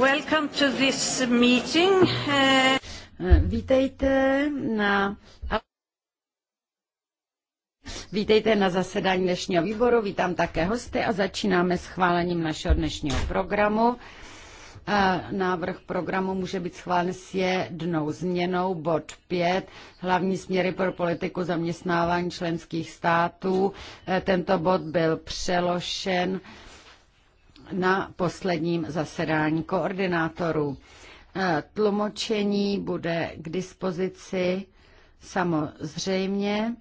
Welcome to this meeting. Eh, vítejte na Vítejte na zasedání dnešního výboru, vítám také hosty a začínáme s chválením našeho dnešního programu. Eh, návrh programu může být schválen s jednou změnou, bod 5, hlavní směry pro politiku zaměstnávání členských států. Eh, tento bod byl přeložen na posledním zasedání koordinátorů. Eh, tlumočení bude k dispozici samozřejmě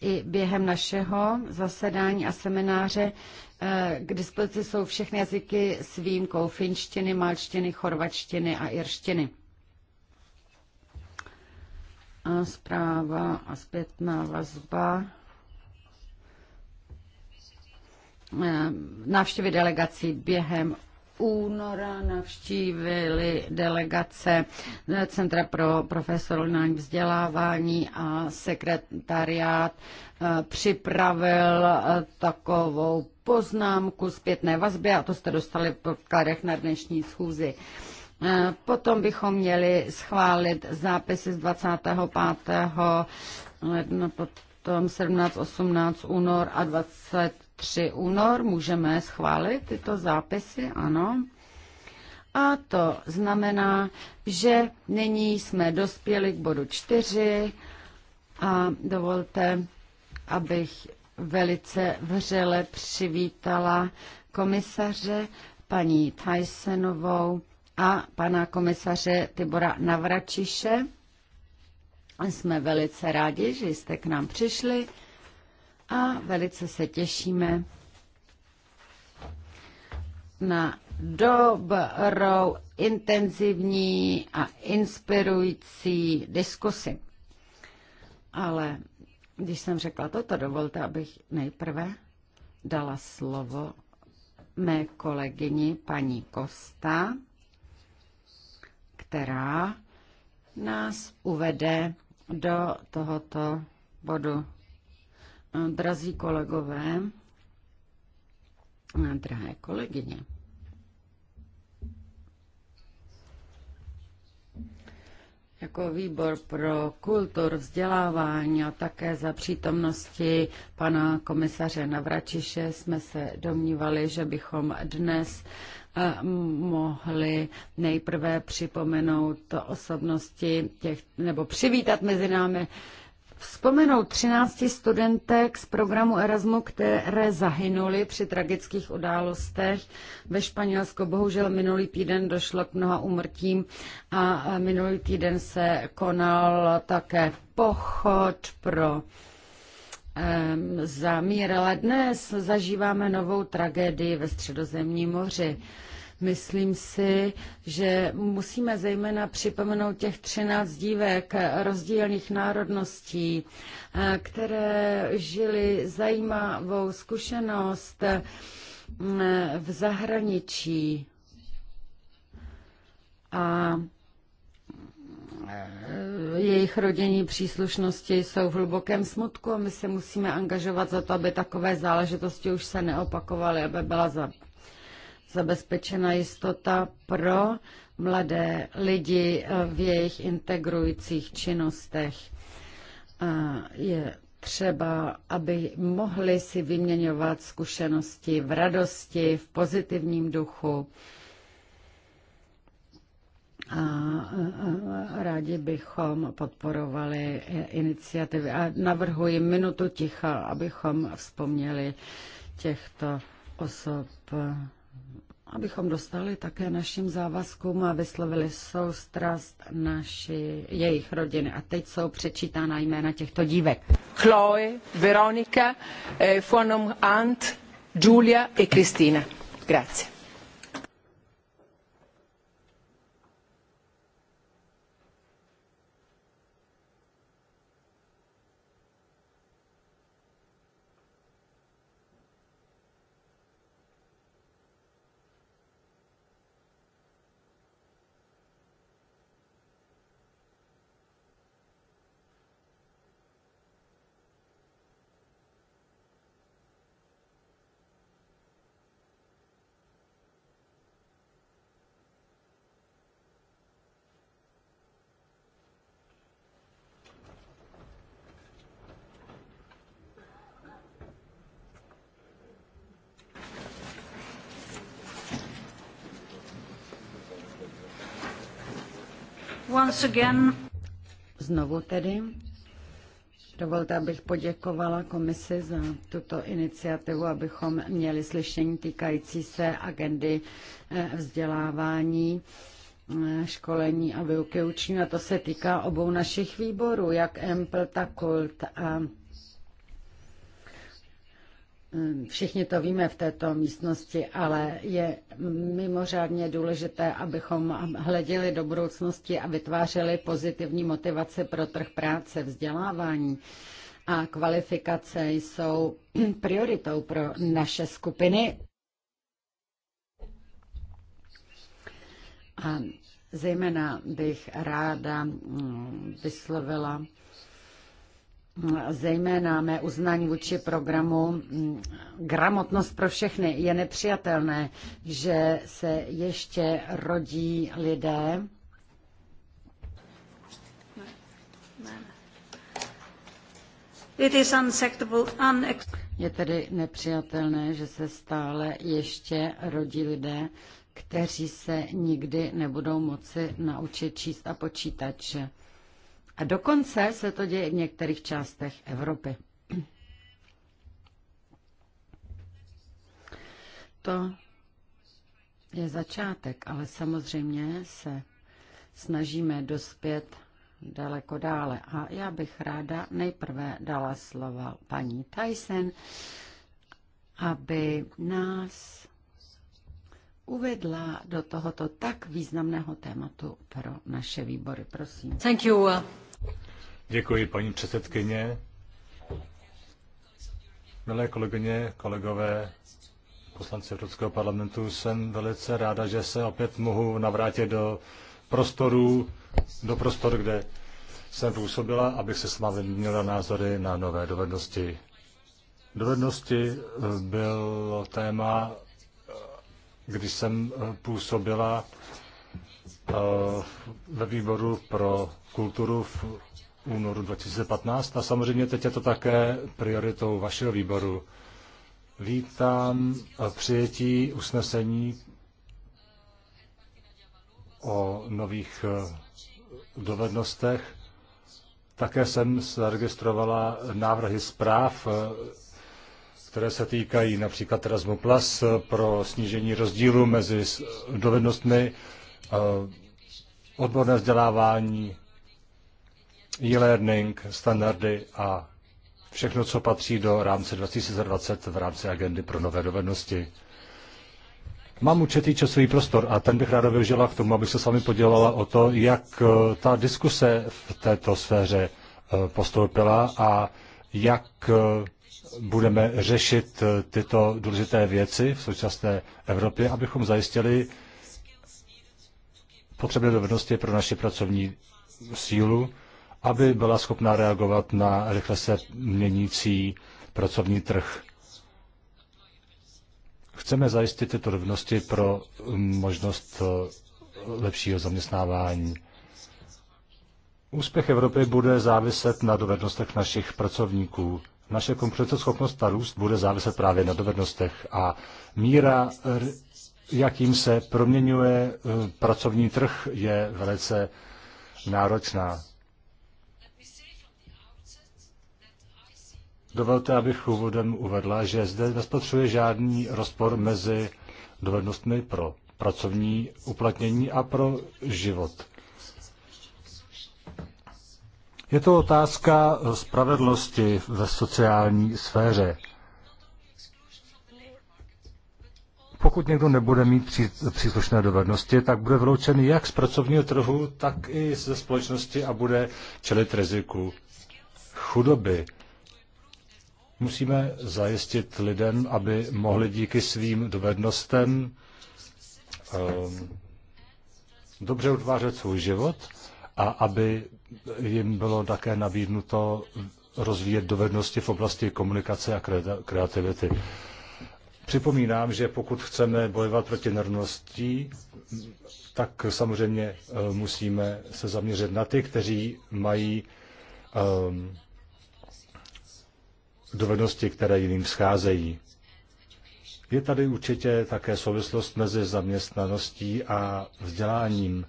i během našeho zasedání a semináře. Eh, k dispozici jsou všechny jazyky s výjimkou finštiny, malštiny, chorvačtiny a irštiny. A zpráva a zpětná vazba. Eh, návštěvy delegací během února navštívili delegace Centra pro profesionální vzdělávání a sekretariát eh, připravil eh, takovou poznámku zpětné vazby a to jste dostali v podkladech na dnešní schůzi. Potom bychom měli schválit zápisy z 25. ledna, potom 17, 18 únor a 20 3 únor. Můžeme schválit tyto zápisy, ano. A to znamená, že nyní jsme dospěli k bodu 4 a dovolte, abych velice vřele přivítala komisaře paní Tysonovou a pana komisaře Tibora Navračiše. Jsme velice rádi, že jste k nám přišli a velice se těšíme na dobrou, intenzivní a inspirující diskusi. Ale když jsem řekla toto, dovolte, abych nejprve dala slovo mé kolegyni paní Kosta, která nás uvede do tohoto bodu Eh, drazí kolegové, eh, drahé kolegyně, jako výbor pro kultur, vzdělávání a také za přítomnosti pana komisaře Navračiše jsme se domnívali, že bychom dnes eh, mohli nejprve připomenout osobnosti těch, nebo přivítat mezi námi vzpomenout 13 studentek z programu Erasmu, které zahynuly při tragických událostech ve Španělsku. Bohužel minulý týden došlo k mnoha umrtím a minulý týden se konal také pochod pro zamír, ale dnes zažíváme novou tragédii ve středozemním moři. Myslím si, že musíme zejména připomenout těch 13 dívek rozdílných národností, eh, které žili zajímavou zkušenost mm, v zahraničí. A eh, jejich rodinní příslušnosti jsou v hlubokém smutku a my se musíme angažovat za to, aby takové záležitosti už se neopakovaly, aby byla zabezpečena jistota pro mladé lidi v jejich integrujících činnostech. Je třeba, aby mohli si vyměňovat zkušenosti v radosti, v pozitivním duchu. A rádi bychom podporovali iniciativy. A navrhuji minutu ticha, abychom vzpomněli těchto osob abychom dostali také našim závazkům a vyslovili soustrast naši, jejich rodiny. A teď jsou přečítána jména těchto dívek. Chloe, Veronika, eh, Fonom Ant, Julia i Kristina. Grazie. once again. Znovu tedy. Dovolte, abych poděkovala komisi za tuto iniciativu, abychom měli slyšení týkající se agendy eh, vzdělávání eh, školení a výuky učňů a to se týká obou našich výborů, jak EMPL, tak KULT. A Ehm, všichni to víme v této místnosti, ale je mimořádně důležité, abychom hleděli do budoucnosti a vytvářeli pozitivní motivace pro trh práce, vzdělávání a kvalifikace jsou prioritou pro naše skupiny. A zejména bych ráda mm, vyslovila zejména mé uznání vůči programu mm, Gramotnost pro všechny je nepřijatelné, že se ještě rodí lidé, It is Je tedy nepřijatelné, že se stále ještě rodí lidé, kteří se nikdy nebudou moci naučit číst a počítat. A dokonce se to děje v některých částech Evropy. To je začátek, ale samozřejmě se snažíme dospět daleko dále. A já bych ráda nejprve dala slova paní Tyson, aby nás uvedla do tohoto tak významného tématu pro naše výbory. Prosím. Thank you. Uh, Děkuji, paní předsedkyně. Milé kolegyně, kolegové, poslanci Evropského parlamentu, jsem velice ráda, že se opět mohu navrátit do prostorů, do prostor, kde jsem působila, abych se s vámi měla názory na nové dovednosti. Dovednosti eh, bylo téma, eh, když jsem eh, působila ve výboru pro kulturu v únoru 2015 a samozřejmě teď je to také prioritou vašeho výboru. Vítám eh, přijetí usnesení o nových eh, dovednostech. Také jsem zaregistrovala návrhy zpráv, eh, které se týkají například Erasmus Plus pro snížení rozdílu mezi dovednostmi, odborné vzdělávání, e-learning, standardy a všechno, co patří do rámce 2020 v rámci agendy pro nové dovednosti. Mám určitý časový prostor a ten bych ráda využila k tomu, abych se s vámi podělala o to, jak eh, ta diskuse v této sféře eh, postoupila a jak eh, budeme řešit tyto důležité věci v současné Evropě, abychom zajistili potřebné dovednosti pro naši pracovní sílu aby byla schopná reagovat na rychle se měnící pracovní trh. Chceme zajistit tyto rovnosti pro možnost eh, lepšího zaměstnávání. Úspěch Evropy bude záviset na dovednostech našich pracovníků. Naše konkurenceschopnost a růst bude záviset právě na dovednostech a míra, jakým se proměňuje eh, pracovní trh, je velice náročná. Dovolte, abych úvodem uvedla, že zde nespatřuje žádný rozpor mezi dovednostmi pro pracovní uplatnění a pro život. Je to otázka spravedlnosti ve sociální sféře. Pokud někdo nebude mít příslušné dovednosti, tak bude vyloučen jak z pracovního trhu, tak i ze společnosti a bude čelit riziku chudoby. Musíme zajistit lidem, aby mohli díky svým dovednostem ehm, dobře utvářet svůj život a aby jim bylo také nabídnuto rozvíjet dovednosti v oblasti komunikace a kreativity. Připomínám, že pokud chceme bojovat proti nerovnosti, tak samozřejmě ehm, musíme se zaměřit na ty, kteří mají um, dovednosti, které jiným scházejí. Je tady určitě také souvislost mezi zaměstnaností a vzděláním.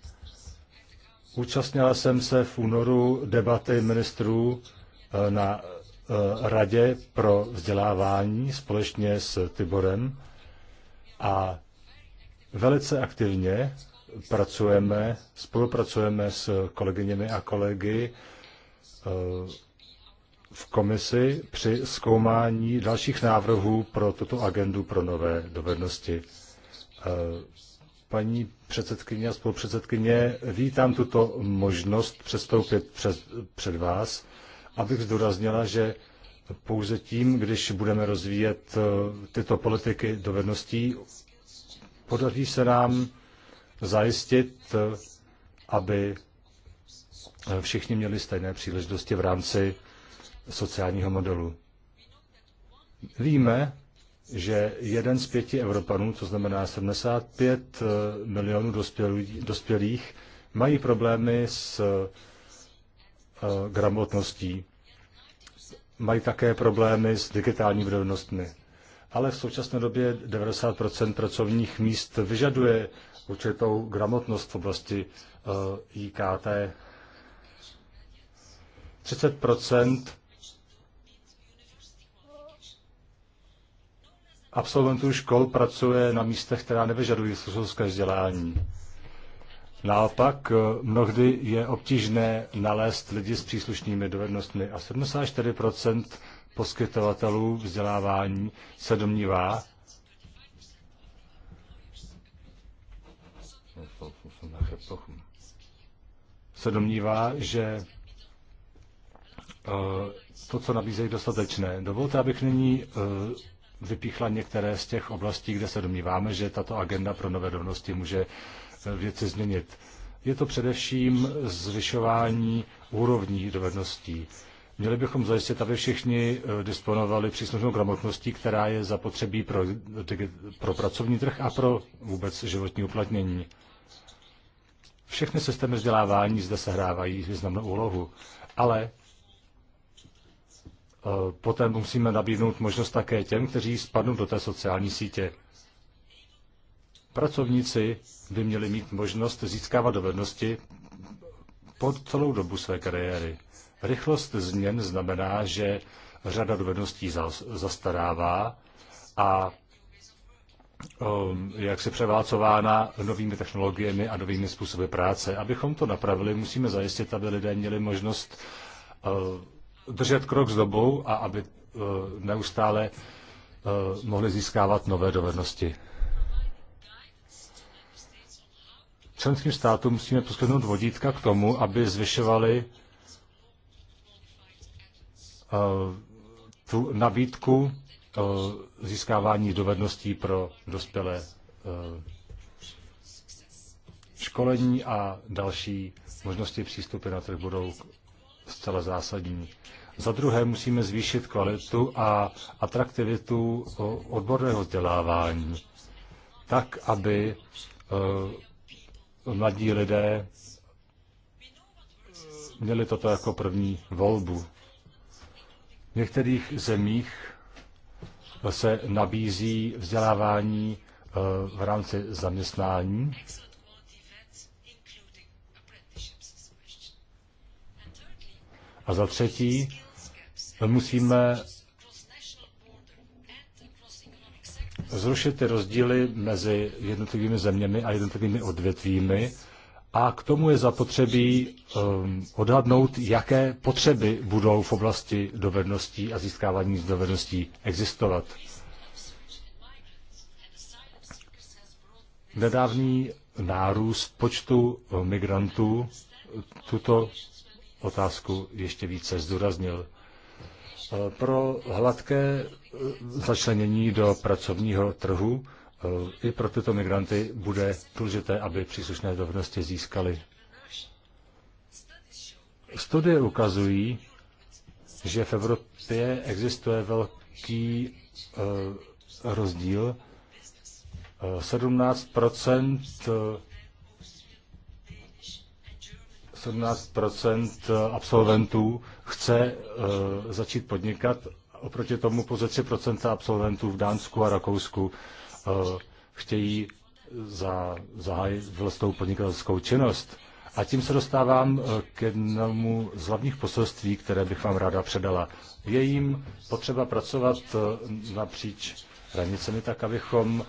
Účastnila jsem se v únoru debaty ministrů eh, na eh, Radě pro vzdělávání společně s Tiborem a velice aktivně pracujeme, spolupracujeme s kolegyněmi a kolegy eh, v komisi při zkoumání dalších návrhů pro tuto agendu pro nové dovednosti. E, paní předsedkyně a spolupředsedkyně, vítám tuto možnost přestoupit před, před vás, abych zdůraznila, že pouze tím, když budeme rozvíjet e, tyto politiky dovedností, podaří se nám zajistit, e, aby všichni měli stejné příležitosti v rámci sociálního modelu. Víme, že jeden z pěti Evropanů, to znamená 75 eh, milionů dospělých, mají problémy s eh, gramotností. Mají také problémy s digitálními dovednostmi. Ale v současné době 90 pracovních míst vyžaduje určitou gramotnost v oblasti eh, IKT. 30 absolventů škol pracuje na místech, která nevyžadují soudcovské vzdělání. Naopak, eh, mnohdy je obtížné nalézt lidi s příslušnými dovednostmi a 74% poskytovatelů vzdělávání se domnívá, se domnívá, že eh, to, co nabízejí, dostatečné. Dovolte, abych nyní eh, vypíchla některé z těch oblastí, kde se domníváme, že tato agenda pro nové dovednosti může eh, věci změnit. Je to především zvyšování úrovní dovedností. Měli bychom zajistit, aby všichni eh, disponovali příslušnou gramotností, která je zapotřebí pro, pro pracovní trh a pro vůbec životní uplatnění. Všechny systémy vzdělávání zde sehrávají významnou úlohu, ale Eh, poté musíme nabídnout možnost také těm, kteří spadnou do té sociální sítě. Pracovníci by měli mít možnost získávat dovednosti po celou dobu své kariéry. Rychlost změn znamená, že řada dovedností zastarává a ehm, jak se převácována novými technologiemi a novými způsoby práce. Abychom to napravili, musíme zajistit, aby lidé měli možnost eh, držet krok s dobou a aby eh, neustále eh, mohli získávat nové dovednosti. Členským státům musíme poskytnout vodítka k tomu, aby zvyšovali eh, tu nabídku získávání dovedností pro dospělé školení a další možnosti přístupy na trh budou zcela zásadní. Za druhé musíme zvýšit kvalitu a atraktivitu odborného vzdělávání, tak, aby e, mladí lidé měli toto jako první volbu. V některých zemích se nabízí vzdělávání e, v rámci zaměstnání. A za třetí, musíme zrušit ty rozdíly mezi jednotlivými zeměmi a jednotlivými odvětvími a k tomu je zapotřebí um, odhadnout, jaké potřeby budou v oblasti dovedností a získávání dovedností existovat. Nedávný nárůst počtu migrantů tuto otázku ještě více zdůraznil. Eh, pro hladké eh, začlenění do pracovního trhu eh, i pro tyto migranty bude důležité, aby příslušné dovednosti získali. Studie ukazují, že v Evropě existuje velký rozdíl. 17 17 absolventů chce eh, začít podnikat, oproti tomu pouze 3% absolventů v Dánsku a Rakousku eh, chtějí za, zahájit vlastnou podnikatelskou činnost. A tím se dostávám eh, k jednomu z hlavních poselství, které bych vám ráda předala. Je jim potřeba pracovat napříč hranicemi tak, abychom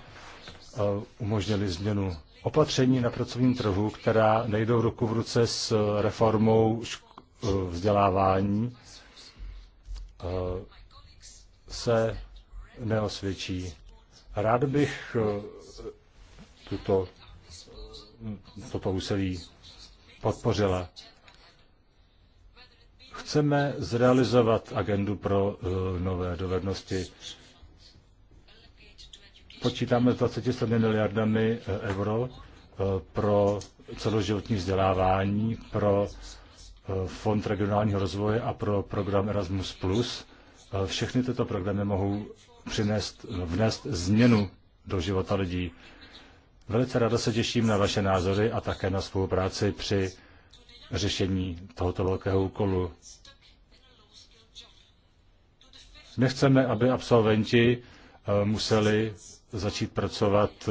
umožnili změnu opatření na pracovním trhu, která nejdou ruku v ruce s reformou vzdělávání eh, se neosvědčí. Rád bych eh, tuto, toto úsilí podpořila. Chceme zrealizovat agendu pro eh, nové dovednosti. Počítáme s 27 miliardami euro pro celoživotní vzdělávání, pro Fond regionálního rozvoje a pro program Erasmus+. Eh, všechny tyto programy mohou přinést, vnést změnu do života lidí. Velice ráda se těším na vaše názory a také na spolupráci při řešení tohoto velkého úkolu. Nechceme, aby absolventi eh, museli začít pracovat eh,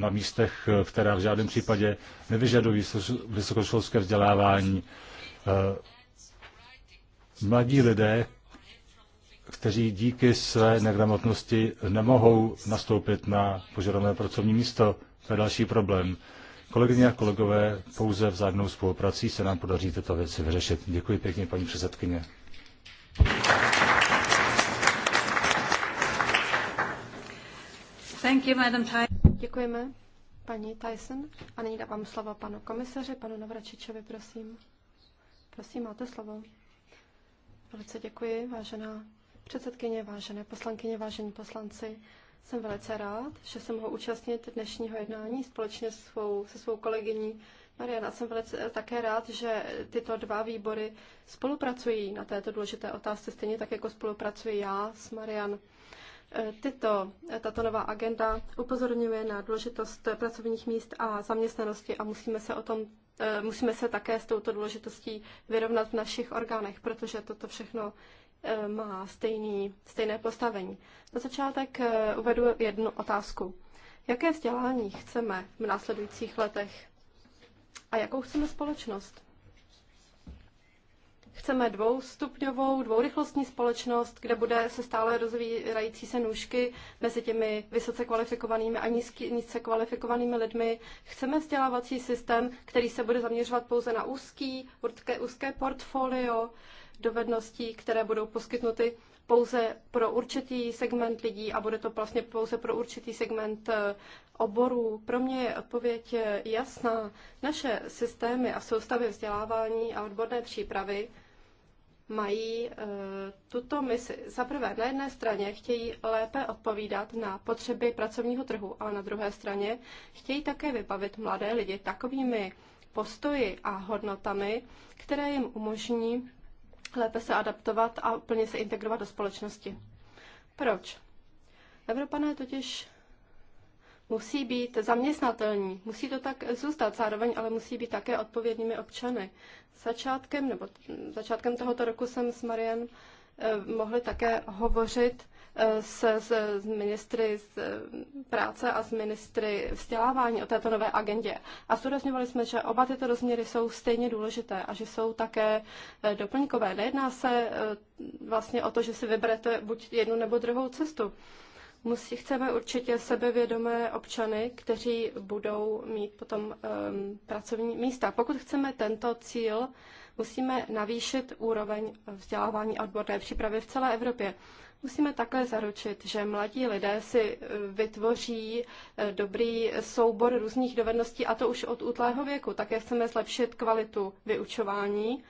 na místech, která v žádném případě nevyžadují vysokoškolské vzdělávání. Eh, mladí lidé, kteří díky své negramotnosti nemohou nastoupit na požadované pracovní místo. To je další problém. Kolegyně a kolegové, pouze v zádnou spoluprací se nám podaří tyto věci vyřešit. Děkuji pěkně, paní předsedkyně. Děkujeme, paní Tyson. A nyní dávám slovo panu komisaři, panu Navračičovi, prosím. Prosím, máte slovo. Velice děkuji, vážená předsedkyně, vážené poslankyně, vážení poslanci. Jsem velice rád, že jsem mohl účastnit dnešního jednání společně se svou, se svou kolegyní Mariana. Jsem velice také rád, že tyto dva výbory spolupracují na této důležité otázce, stejně tak, jako spolupracuji já s Marian. Tyto, tato nová agenda upozorňuje na důležitost pracovních míst a zaměstnanosti a musíme se o tom Eh, musíme se také s touto důležitostí vyrovnat v našich orgánech, protože toto všechno eh, má stejný, stejné postavení. Na začátek eh, uvedu jednu otázku. Jaké vzdělání chceme v následujících letech a jakou chceme společnost? Chceme dvoustupňovou, dvourychlostní společnost, kde bude se stále rozvírající se nůžky mezi těmi vysoce kvalifikovanými a nízky, nízce kvalifikovanými lidmi. Chceme vzdělávací systém, který se bude zaměřovat pouze na úzký, úzké, úzké portfolio dovedností, které budou poskytnuty pouze pro určitý segment lidí a bude to vlastně pouze pro určitý segment eh, oborů. Pro mě je odpověď eh, jasná. Naše systémy a soustavy vzdělávání a odborné přípravy mají eh, tuto misi. Za prvé, na jedné straně chtějí lépe odpovídat na potřeby pracovního trhu, ale na druhé straně chtějí také vybavit mladé lidi takovými postoji a hodnotami, které jim umožní lépe se adaptovat a plně se integrovat do společnosti. Proč? Evropané totiž musí být zaměstnatelní, musí to tak zůstat, zároveň ale musí být také odpovědnými občany. Začátkem, nebo začátkem tohoto roku jsem s Marian eh, mohli také hovořit eh, s, s ministry z eh, práce a s ministry vzdělávání o této nové agendě. A zdůrazňovali jsme, že oba tyto rozměry jsou stejně důležité a že jsou také doplňkové. Nejedná se vlastně o to, že si vyberete buď jednu nebo druhou cestu. Musí, chceme určitě sebevědomé občany, kteří budou mít potom um, pracovní místa. Pokud chceme tento cíl, musíme navýšit úroveň vzdělávání a odborné přípravy v celé Evropě. Musíme také zaručit, že mladí lidé si eh, vytvoří eh, dobrý soubor různých dovedností, a to už od útlého věku. Také chceme zlepšit kvalitu vyučování,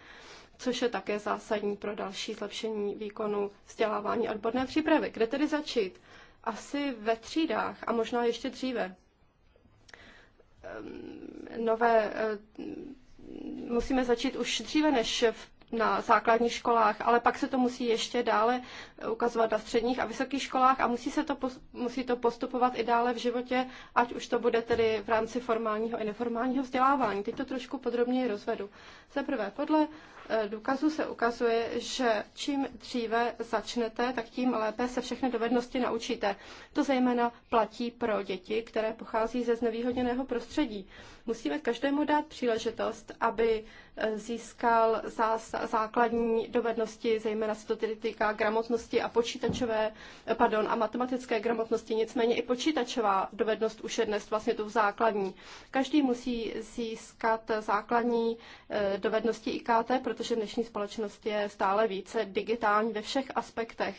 což je také zásadní pro další zlepšení výkonu vzdělávání odborné přípravy. Kde tedy začít? asi ve třídách a možná ještě dříve. Ehm, nové, eh, musíme začít už dříve než v na základních školách, ale pak se to musí ještě dále ukazovat na středních a vysokých školách a musí, se to, musí to postupovat i dále v životě, ať už to bude tedy v rámci formálního i neformálního vzdělávání. Teď to trošku podrobněji rozvedu. Za prvé, podle Eh, důkazů se ukazuje, že čím dříve začnete, tak tím lépe se všechny dovednosti naučíte. To zejména platí pro děti, které pochází ze znevýhodněného prostředí. Musíme každému dát příležitost, aby eh, získal základní dovednosti, zejména se to tedy týká gramotnosti a počítačové, eh, pardon, a matematické gramotnosti, nicméně i počítačová dovednost už je dnes vlastně tu základní. Každý musí získat základní eh, dovednosti IKT, protože dnešní společnost je stále více digitální ve všech aspektech.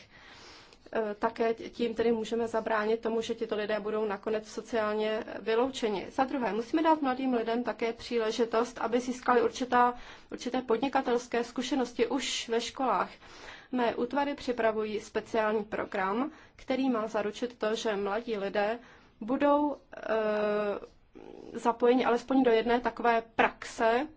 Eh, také tím tedy můžeme zabránit tomu, že tito lidé budou nakonec sociálně vyloučeni. Za druhé, musíme dát mladým lidem také příležitost, aby získali určitá, určité podnikatelské zkušenosti už ve školách. Mé útvary připravují speciální program, který má zaručit to, že mladí lidé budou e, zapojeni alespoň do jedné takové praxe,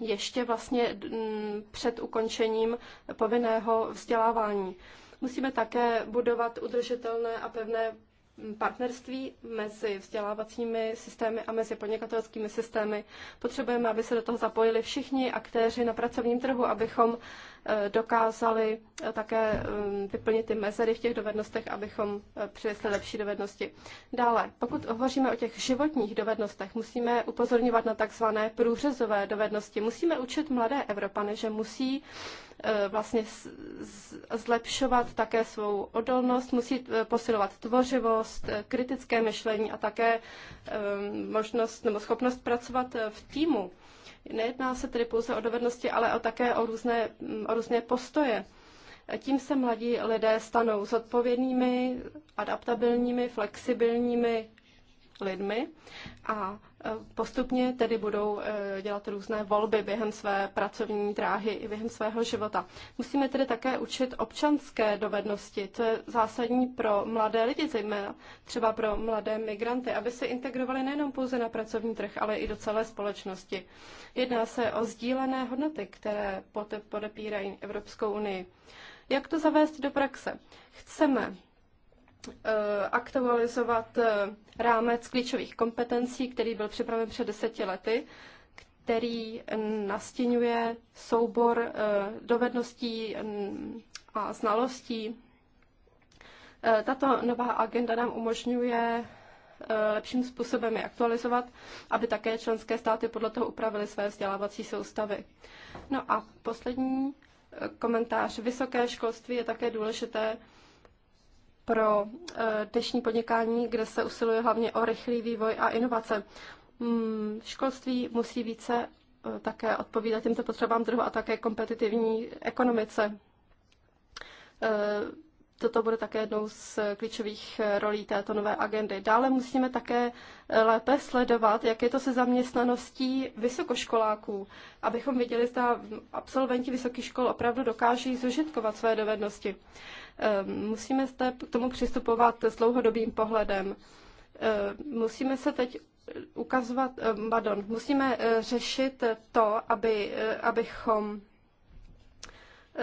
ještě vlastně mm, před ukončením povinného vzdělávání. Musíme také budovat udržitelné a pevné partnerství mezi vzdělávacími systémy a mezi podnikatelskými systémy. Potřebujeme, aby se do toho zapojili všichni aktéři na pracovním trhu, abychom eh, dokázali eh, také eh, vyplnit ty mezery v těch dovednostech, abychom přinesli lepší dovednosti. Dále, pokud hovoříme o těch životních dovednostech, musíme upozorňovat na takzvané průřezové dovednosti. Musíme učit mladé Evropany, že musí E, vlastně zlepšovat také svou odolnost, musí e, posilovat tvořivost, e, kritické myšlení a také možnost nebo schopnost pracovat v týmu. Nejedná se tedy pouze o dovednosti, ale o také o různé, o různé postoje. Tím se mladí lidé stanou zodpovědnými, adaptabilními, flexibilními lidmi a postupně tedy budou eh, dělat různé volby během své pracovní dráhy i během svého života. Musíme tedy také učit občanské dovednosti, co je zásadní pro mladé lidi, zejména třeba pro mladé migranty, aby se integrovali nejenom pouze na pracovní trh, ale i do celé společnosti. Jedná se o sdílené hodnoty, které podepírají Evropskou unii. Jak to zavést do praxe? Chceme eh, aktualizovat eh, rámec klíčových kompetencí, který byl připraven před deseti lety, který nastěňuje soubor eh, dovedností mm, a znalostí. Eh, tato nová agenda nám umožňuje eh, lepším způsobem je aktualizovat, aby také členské státy podle toho upravily své vzdělávací soustavy. No a poslední komentář. Vysoké školství je také důležité pro eh, dnešní podnikání, kde se usiluje hlavně o rychlý vývoj a inovace. Hmm, školství musí více eh, také odpovídat těmto potřebám trhu a také kompetitivní ekonomice. Eh, toto bude také jednou z klíčových rolí této nové agendy. Dále musíme také lépe sledovat, jak je to se zaměstnaností vysokoškoláků, abychom viděli, zda absolventi vysokých škol opravdu dokáží zužitkovat své dovednosti. Ehm, musíme k tomu přistupovat s dlouhodobým pohledem. Ehm, musíme se teď ukazovat, ehm, pardon, musíme eh, řešit to, aby, eh, abychom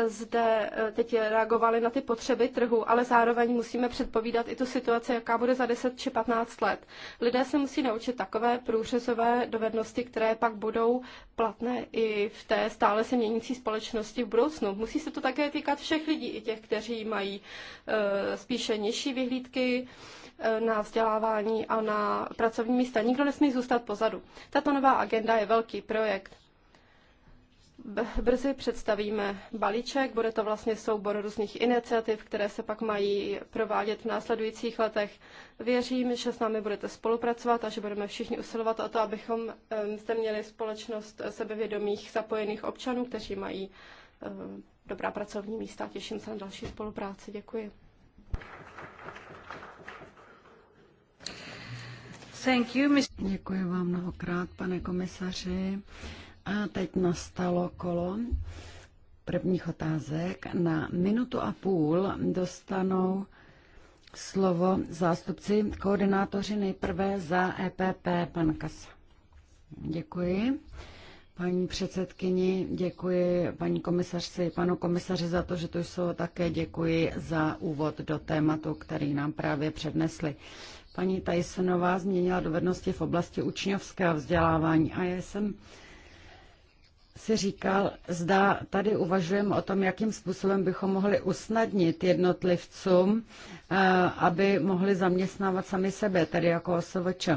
zde eh, teď reagovali na ty potřeby trhu, ale zároveň musíme předpovídat i tu situaci, jaká bude za 10 či 15 let. Lidé se musí naučit takové průřezové dovednosti, které pak budou platné i v té stále se měnící společnosti v budoucnu. Musí se to také týkat všech lidí, i těch, kteří mají eh, spíše nižší vyhlídky, eh, na vzdělávání a na pracovní místa. Nikdo nesmí zůstat pozadu. Tato nová agenda je velký projekt. Brzy představíme balíček, bude to vlastně soubor různých iniciativ, které se pak mají provádět v následujících letech. Věřím, že s námi budete spolupracovat a že budeme všichni usilovat o to, abychom zde měli společnost sebevědomých zapojených občanů, kteří mají dobrá pracovní místa. Těším se na další spolupráci. Děkuji. Thank you, Děkuji vám mnohokrát, pane komisaři. A teď nastalo kolo prvních otázek. Na minutu a půl dostanou slovo zástupci koordinátoři nejprve za EPP, pan Kasa. Děkuji. Paní předsedkyni, děkuji paní komisaři, panu komisaři za to, že tu jsou také děkuji za úvod do tématu, který nám právě přednesli. Paní Tysonová změnila dovednosti v oblasti učňovského vzdělávání a já jsem si říkal, zda tady uvažujeme o tom, jakým způsobem bychom mohli usnadnit jednotlivcům, eh, aby mohli zaměstnávat sami sebe, tedy jako OSVČ.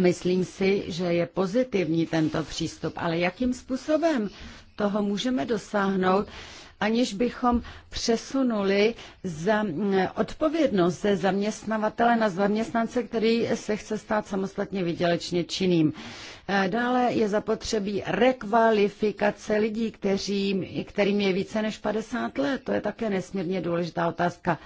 myslím si, že je pozitivní tento přístup, ale jakým způsobem toho můžeme dosáhnout, aniž bychom přesunuli za mm, odpovědnost ze zaměstnavatele na zaměstnance, který se chce stát samostatně vydělečně činným. Eh, dále je zapotřebí rekvalifikace lidí, kteří, kterým je více než 50 let. To je také nesmírně důležitá otázka.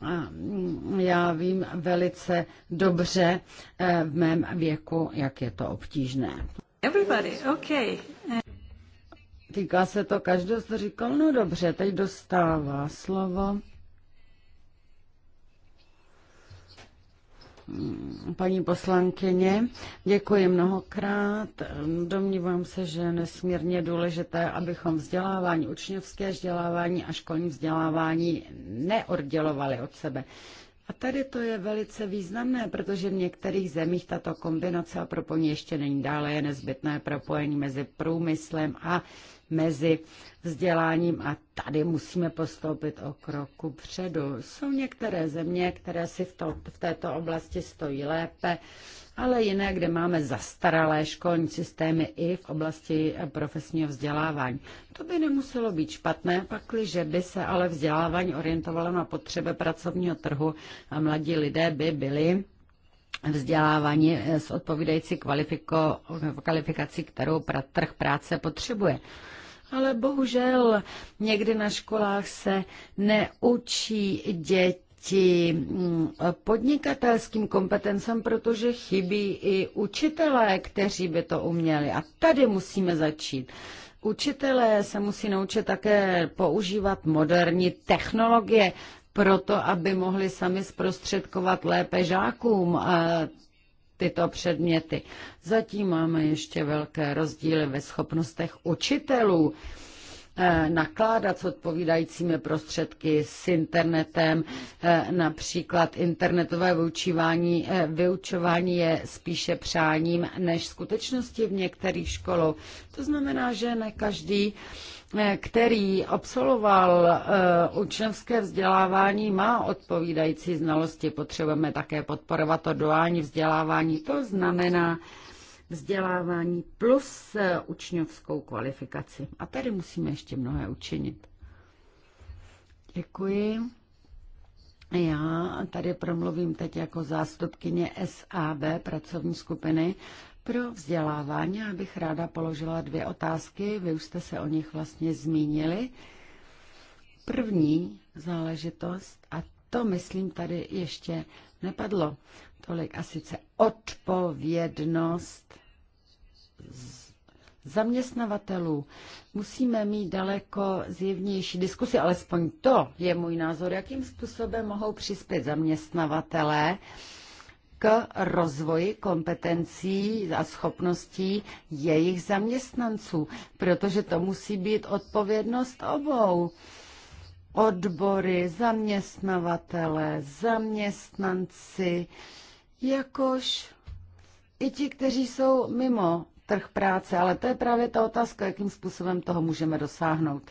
A mm, já vím velice dobře eh, v mém věku, jak je to obtížné. Everybody, okay. Týká se to každého, co říkal, no dobře, teď dostává slovo. Paní poslankyně, děkuji mnohokrát. Domnívám se, že je nesmírně důležité, abychom vzdělávání, učňovské vzdělávání a školní vzdělávání neoddělovali od sebe. A tady to je velice významné, protože v některých zemích tato kombinace a propojení ještě není dále, je nezbytné propojení mezi průmyslem a mezi vzděláním a tady musíme postoupit o kroku předu. Jsou některé země, které si v, to, v této oblasti stojí lépe, ale jiné, kde máme zastaralé školní systémy i v oblasti eh, profesního vzdělávání. To by nemuselo být špatné, pakliže by se ale vzdělávání orientovalo na potřeby pracovního trhu a mladí lidé by byli vzdělávání eh, s odpovídající kvalifikací, kterou trh práce potřebuje. Ale bohužel někdy na školách se neučí děti mm, podnikatelským kompetencem, protože chybí i učitelé, kteří by to uměli. A tady musíme začít. Učitelé se musí naučit také používat moderní technologie proto, aby mohli sami zprostředkovat lépe žákům tyto předměty. Zatím máme ještě velké rozdíly ve schopnostech učitelů eh, nakládat s odpovídajícími prostředky s internetem. Eh, například internetové vyučování, eh, vyučování je spíše přáním než skutečností v některých školách. To znamená, že ne každý který absolvoval eh, učňovské vzdělávání, má odpovídající znalosti. Potřebujeme také podporovat to duální vzdělávání. To znamená vzdělávání plus eh, učňovskou kvalifikaci. A tady musíme ještě mnohé učinit. Děkuji. Já tady promluvím teď jako zástupkyně SAB pracovní skupiny pro vzdělávání bych ráda položila dvě otázky, vy už jste se o nich vlastně zmínili. První záležitost, a to myslím tady ještě nepadlo tolik, a sice odpovědnost zaměstnavatelů. Musíme mít daleko zjevnější diskusy, alespoň to je můj názor, jakým způsobem mohou přispět zaměstnavatelé k rozvoji kompetencí a schopností jejich zaměstnanců, protože to musí být odpovědnost obou. Odbory, zaměstnavatele, zaměstnanci, jakož i ti, kteří jsou mimo trh práce, ale to je právě ta otázka, jakým způsobem toho můžeme dosáhnout.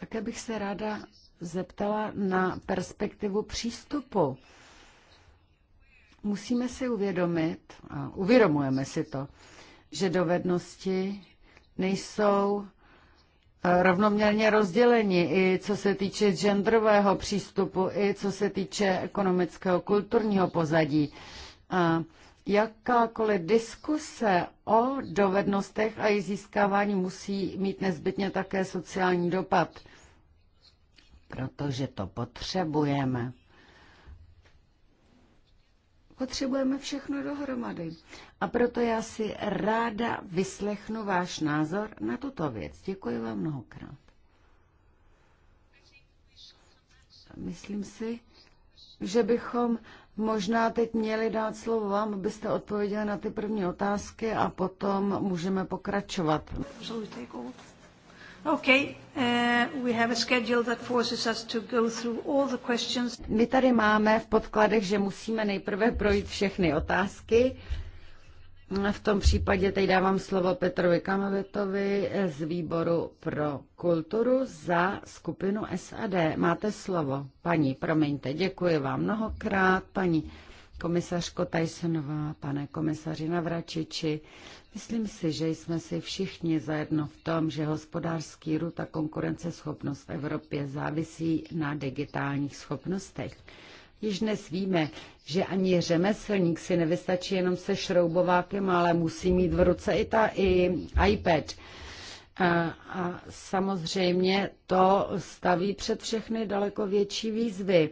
Také bych se ráda zeptala na perspektivu přístupu Musíme si uvědomit, a uvědomujeme si to, že dovednosti nejsou eh, rovnoměrně rozděleni, i co se týče genderového přístupu, i co se týče ekonomického, kulturního pozadí. A jakákoliv diskuse o dovednostech a jejich získávání musí mít nezbytně také sociální dopad, protože to potřebujeme. Potřebujeme všechno dohromady. A proto já si ráda vyslechnu váš názor na tuto věc. Děkuji vám mnohokrát. Myslím si, že bychom možná teď měli dát slovo vám, abyste odpověděli na ty první otázky a potom můžeme pokračovat. My tady máme v podkladech, že musíme nejprve projít všechny otázky. V tom případě teď dávám slovo Petrovi Kamavetovi z výboru pro kulturu za skupinu SAD. Máte slovo, paní, promiňte, děkuji vám mnohokrát, paní komisařko Tysonová, pane komisaři Navračiči, myslím si, že jsme si všichni zajedno v tom, že hospodářský růst a konkurenceschopnost v Evropě závisí na digitálních schopnostech. Již dnes víme, že ani řemeslník si nevystačí jenom se šroubovákem, ale musí mít v ruce i, ta, i iPad. A, a samozřejmě to staví před všechny daleko větší výzvy.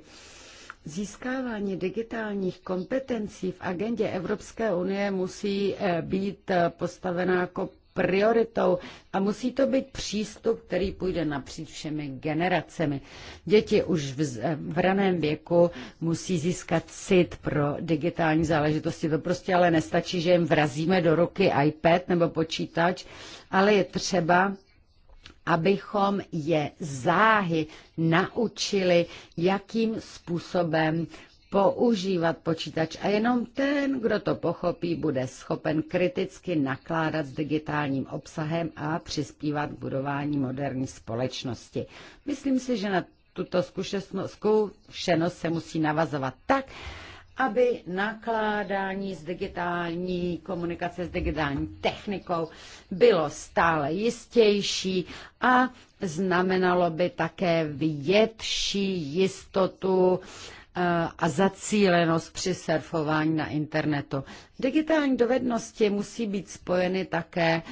Získávání digitálních kompetencí v agendě Evropské unie musí eh, být eh, postavena jako prioritou a musí to být přístup, který půjde napříč všemi generacemi. Děti už v, eh, v raném věku musí získat cit pro digitální záležitosti. To prostě ale nestačí, že jim vrazíme do ruky iPad nebo počítač, ale je třeba abychom je záhy naučili, jakým způsobem používat počítač a jenom ten, kdo to pochopí, bude schopen kriticky nakládat s digitálním obsahem a přispívat k budování moderní společnosti. Myslím si, že na tuto zkušenost se musí navazovat tak, aby nakládání s digitální komunikace, s digitální technikou bylo stále jistější a znamenalo by také větší jistotu eh, a zacílenost při surfování na internetu. Digitální dovednosti musí být spojeny také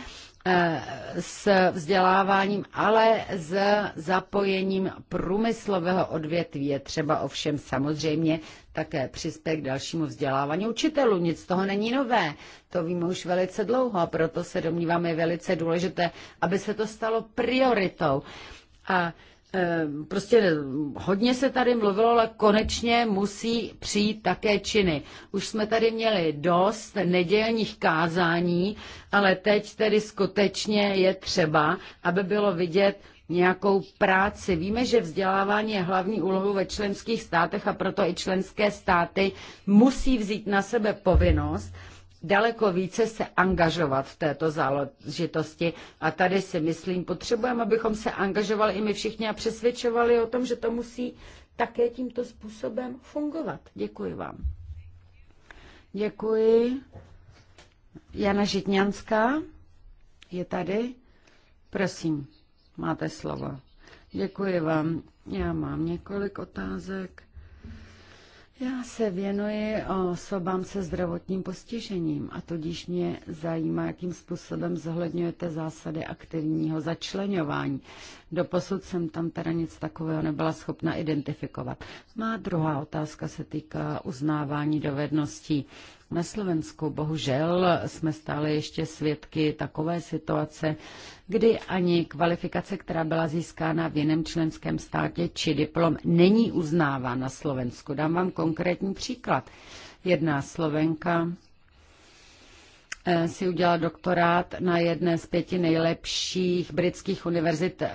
s vzděláváním, ale s zapojením průmyslového odvětví je třeba ovšem samozřejmě také přispět k dalšímu vzdělávání učitelů. Nic toho není nové, to víme už velice dlouho a proto se domníváme je velice důležité, aby se to stalo prioritou. A Ehm, prostě hodně se tady mluvilo, ale konečně musí přijít také činy. Už jsme tady měli dost nedělních kázání, ale teď tedy skutečně je třeba, aby bylo vidět nějakou práci. Víme, že vzdělávání je hlavní úlohou ve členských státech a proto i členské státy musí vzít na sebe povinnost daleko více se angažovat v této záležitosti. A tady si myslím, potřebujeme, abychom se angažovali i my všichni a přesvědčovali o tom, že to musí také tímto způsobem fungovat. Děkuji vám. Děkuji. Jana Žitňanská je tady. Prosím, máte slovo. Děkuji vám. Já mám několik otázek. Já se věnuji osobám se zdravotním postižením a tudíž mě zajímá, jakým způsobem zohledňujete zásady aktivního začlenování. Doposud jsem tam teda nic takového nebyla schopna identifikovat. Má druhá otázka se týká uznávání dovedností na Slovensku. Bohužel jsme stále ještě svědky takové situace, kdy ani kvalifikace, která byla získána v jiném členském státě či diplom, není uznávána na Slovensku. Dám vám konkrétní příklad. Jedna Slovenka Eh, si udělal doktorát na jedné z pěti nejlepších britských univerzit eh,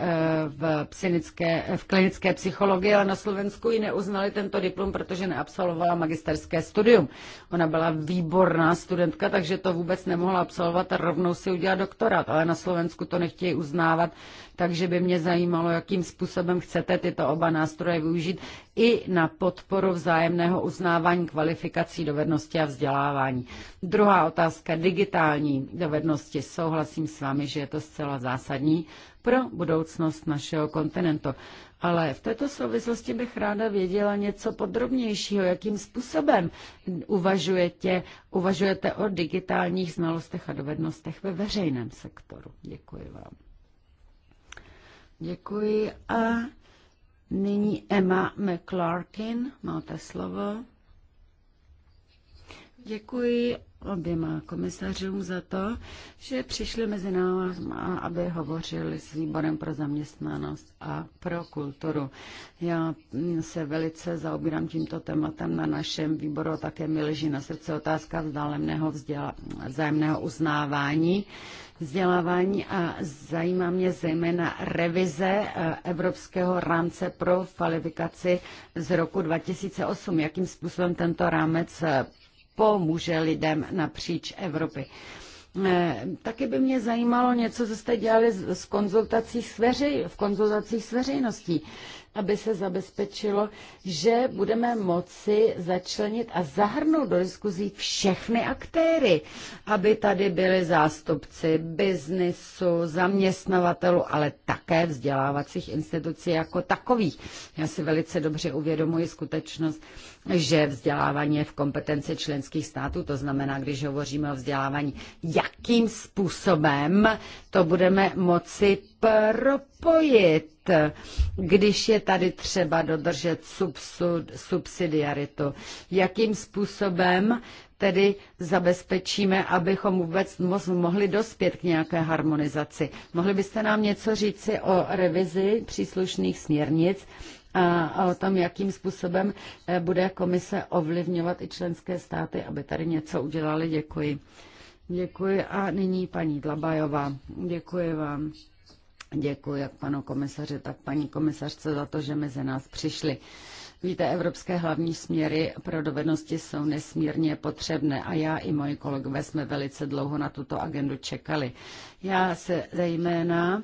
v, psynické, v klinické psychologii, ale na Slovensku ji neuznali tento diplom, protože neabsolvovala magisterské studium. Ona byla výborná studentka, takže to vůbec nemohla absolvovat a rovnou si udělala doktorát, ale na Slovensku to nechtějí uznávat, takže by mě zajímalo, jakým způsobem chcete tyto oba nástroje využít, i na podporu vzájemného uznávání kvalifikací, dovednosti a vzdělávání. Druhá otázka, digitální dovednosti. Souhlasím s vámi, že je to zcela zásadní pro budoucnost našeho kontinentu. Ale v této souvislosti bych ráda věděla něco podrobnějšího, jakým způsobem uvažujete, uvažujete o digitálních znalostech a dovednostech ve veřejném sektoru. Děkuji vám. Děkuji a Nyní Emma McClarkin, máte slovo. Děkuji oběma komisařům za to, že přišli mezi nás, aby hovořili s výborem pro zaměstnanost a pro kulturu. Já se velice zaobírám tímto tématem na našem výboru, také mi leží na srdce otázka vzdáleného vzájemného uznávání vzdělávání a zajímá mě zejména revize eh, Evropského rámce pro kvalifikaci z roku 2008. Jakým způsobem tento rámec eh, pomůže lidem napříč Evropy. Eh, taky by mě zajímalo něco, co jste dělali s konzultací s veřej, v konzultacích s veřejností, aby se zabezpečilo, že budeme moci začlenit a zahrnout do diskuzí všechny aktéry, aby tady byli zástupci biznisu, zaměstnavatelů, ale také vzdělávacích institucí jako takových. Já si velice dobře uvědomuji skutečnost, že vzdělávání je v kompetenci členských států, to znamená, když hovoříme o vzdělávání, jakým způsobem to budeme moci propojit, když je tady třeba dodržet subsud, subsidiaritu, jakým způsobem tedy zabezpečíme, abychom vůbec mohli dospět k nějaké harmonizaci. Mohli byste nám něco říci o revizi příslušných směrnic, a, a o tom, jakým způsobem eh, bude komise ovlivňovat i členské státy, aby tady něco udělali. Děkuji. Děkuji a nyní paní Dlabajová. Děkuji vám. Děkuji jak panu komisaři, tak paní komisařce za to, že mezi nás přišli. Víte, evropské hlavní směry pro dovednosti jsou nesmírně potřebné a já i moji kolegové jsme velice dlouho na tuto agendu čekali. Já se zejména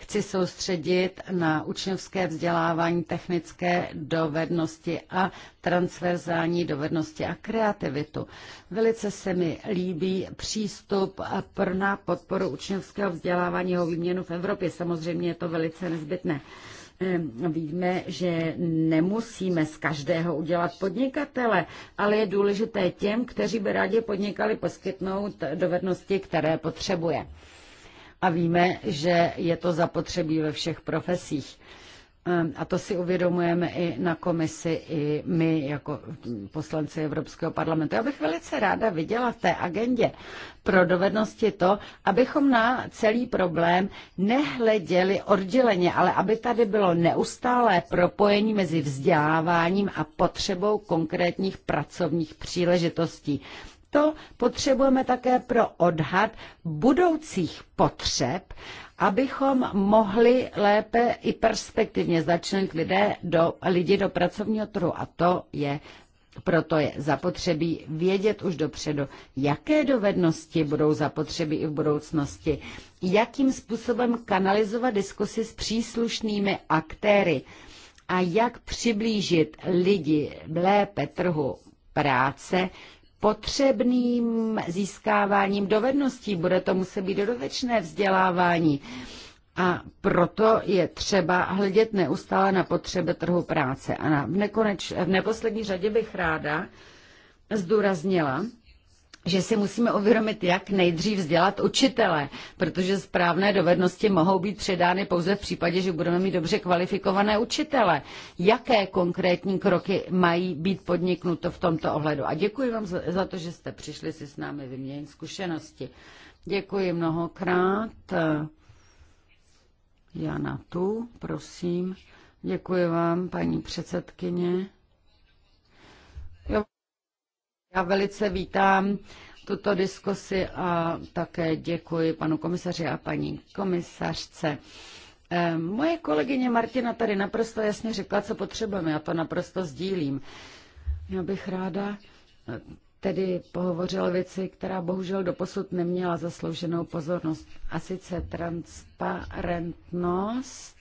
chci soustředit na učňovské vzdělávání, technické dovednosti a transverzální dovednosti a kreativitu. Velice se mi líbí přístup pro na podporu učňovského vzdělávání a výměnu v Evropě. Samozřejmě je to velice nezbytné. Ehm, víme, že nemusíme z každého udělat podnikatele, ale je důležité těm, kteří by rádi podnikali, poskytnout dovednosti, které potřebuje a víme, že je to zapotřebí ve všech profesích. Ehm, a to si uvědomujeme i na komisi, i my jako poslanci Evropského parlamentu. Já bych velice ráda viděla v té agendě pro dovednosti to, abychom na celý problém nehleděli odděleně, ale aby tady bylo neustálé propojení mezi vzděláváním a potřebou konkrétních pracovních příležitostí to potřebujeme také pro odhad budoucích potřeb, abychom mohli lépe i perspektivně začlenit lidé do, lidi do pracovního trhu. A to je proto je zapotřebí vědět už dopředu, jaké dovednosti budou zapotřebí i v budoucnosti, jakým způsobem kanalizovat diskusy s příslušnými aktéry a jak přiblížit lidi lépe trhu práce potřebným získáváním dovedností. Bude to muset být dodatečné vzdělávání. A proto je třeba hledět neustále na potřeby trhu práce. A na, v, nekoneč, v neposlední řadě bych ráda zdůraznila, že si musíme uvědomit, jak nejdřív vzdělat učitele, protože správné dovednosti mohou být předány pouze v případě, že budeme mít dobře kvalifikované učitele. Jaké konkrétní kroky mají být podniknuto v tomto ohledu? A děkuji vám za to, že jste přišli si s námi vyměnit zkušenosti. Děkuji mnohokrát. Jana tu, prosím. Děkuji vám, paní předsedkyně. Já velice vítám tuto diskusi a také děkuji panu komisaři a paní komisařce. Ehm, moje kolegyně Martina tady naprosto jasně řekla, co potřebujeme, já to naprosto sdílím. Já bych ráda eh, tedy pohovořil věci, která bohužel doposud neměla zaslouženou pozornost. A sice transparentnost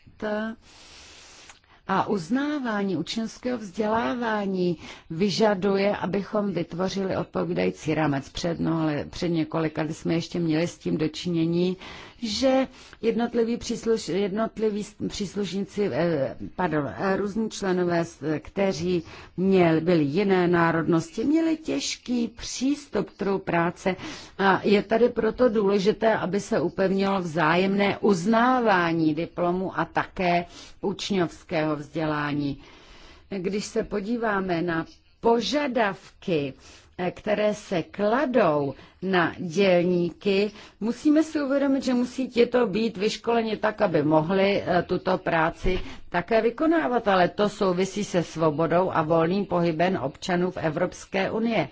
a uznávání učňovského vzdělávání vyžaduje, abychom vytvořili odpovídající rámec. Před, no, ale před několika, kdy jsme ještě měli s tím dočinění, že jednotliví, přísluš, jednotliví příslušníci, eh, pardon, eh, různí členové, kteří měli, byli jiné národnosti, měli těžký přístup k trhu práce a je tady proto důležité, aby se upevnilo vzájemné uznávání diplomu a také učňovského vzdělání. Když se podíváme na požadavky které se kladou na dělníky, musíme si uvědomit, že musí těto být vyškoleni tak, aby mohli eh, tuto práci také vykonávat, ale to souvisí se svobodou a volným pohybem občanů v Evropské unie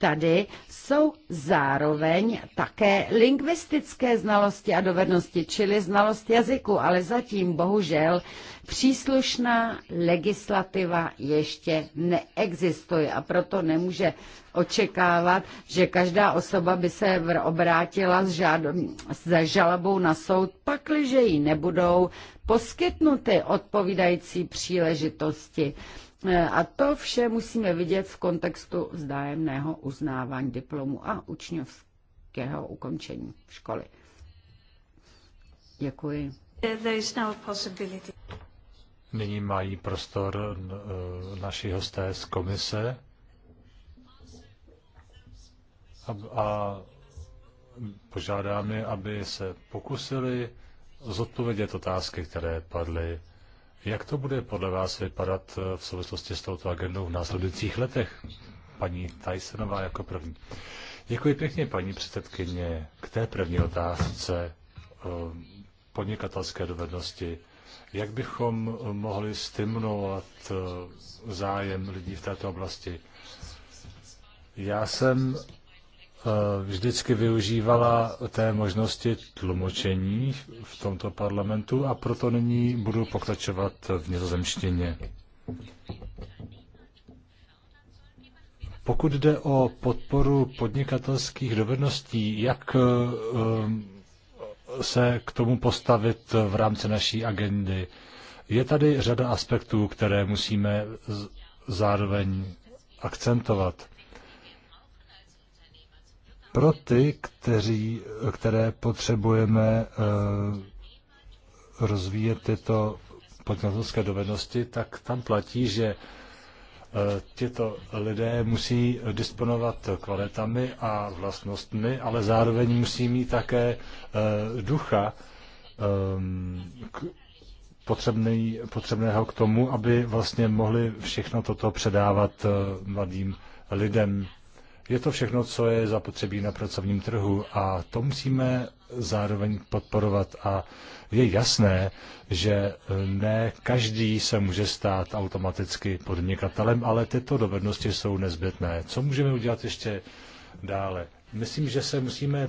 tady jsou zároveň také lingvistické znalosti a dovednosti, čili znalost jazyku, ale zatím bohužel příslušná legislativa ještě neexistuje a proto nemůže očekávat, že každá osoba by se obrátila s, žád, s žalobou na soud, pakliže jí nebudou poskytnuty odpovídající příležitosti. Eh, a to vše musíme vidět v kontextu vzájemného uznávání diplomu a učňovského ukončení školy. Děkuji. No Nyní mají prostor eh, naši hosté z komise a, a požádáme, aby se pokusili zodpovědět otázky, které padly jak to bude podle vás vypadat eh, v souvislosti s touto agendou v následujících letech? Paní Tysonová jako první. Děkuji pěkně, paní předsedkyně. K té první otázce eh, podnikatelské dovednosti. Jak bychom mohli stimulovat eh, zájem lidí v této oblasti? Já jsem Eh, vždycky využívala té možnosti tlumočení v tomto parlamentu a proto nyní budu pokračovat v nizozemštině. Pokud jde o podporu podnikatelských dovedností, jak eh, se k tomu postavit v rámci naší agendy, je tady řada aspektů, které musíme zároveň akcentovat pro ty, kteří, které potřebujeme eh, rozvíjet tyto podnikatelské dovednosti, tak tam platí, že eh, tyto lidé musí disponovat kvalitami a vlastnostmi, ale zároveň musí mít také eh, ducha potřebného k tomu, aby vlastně mohli všechno toto předávat mladým lidem. Je to všechno, co je zapotřebí na pracovním trhu a to musíme zároveň podporovat a je jasné, že eh, ne každý se může stát automaticky podnikatelem, ale tyto dovednosti jsou nezbytné. Co můžeme udělat ještě dále? Myslím, že se musíme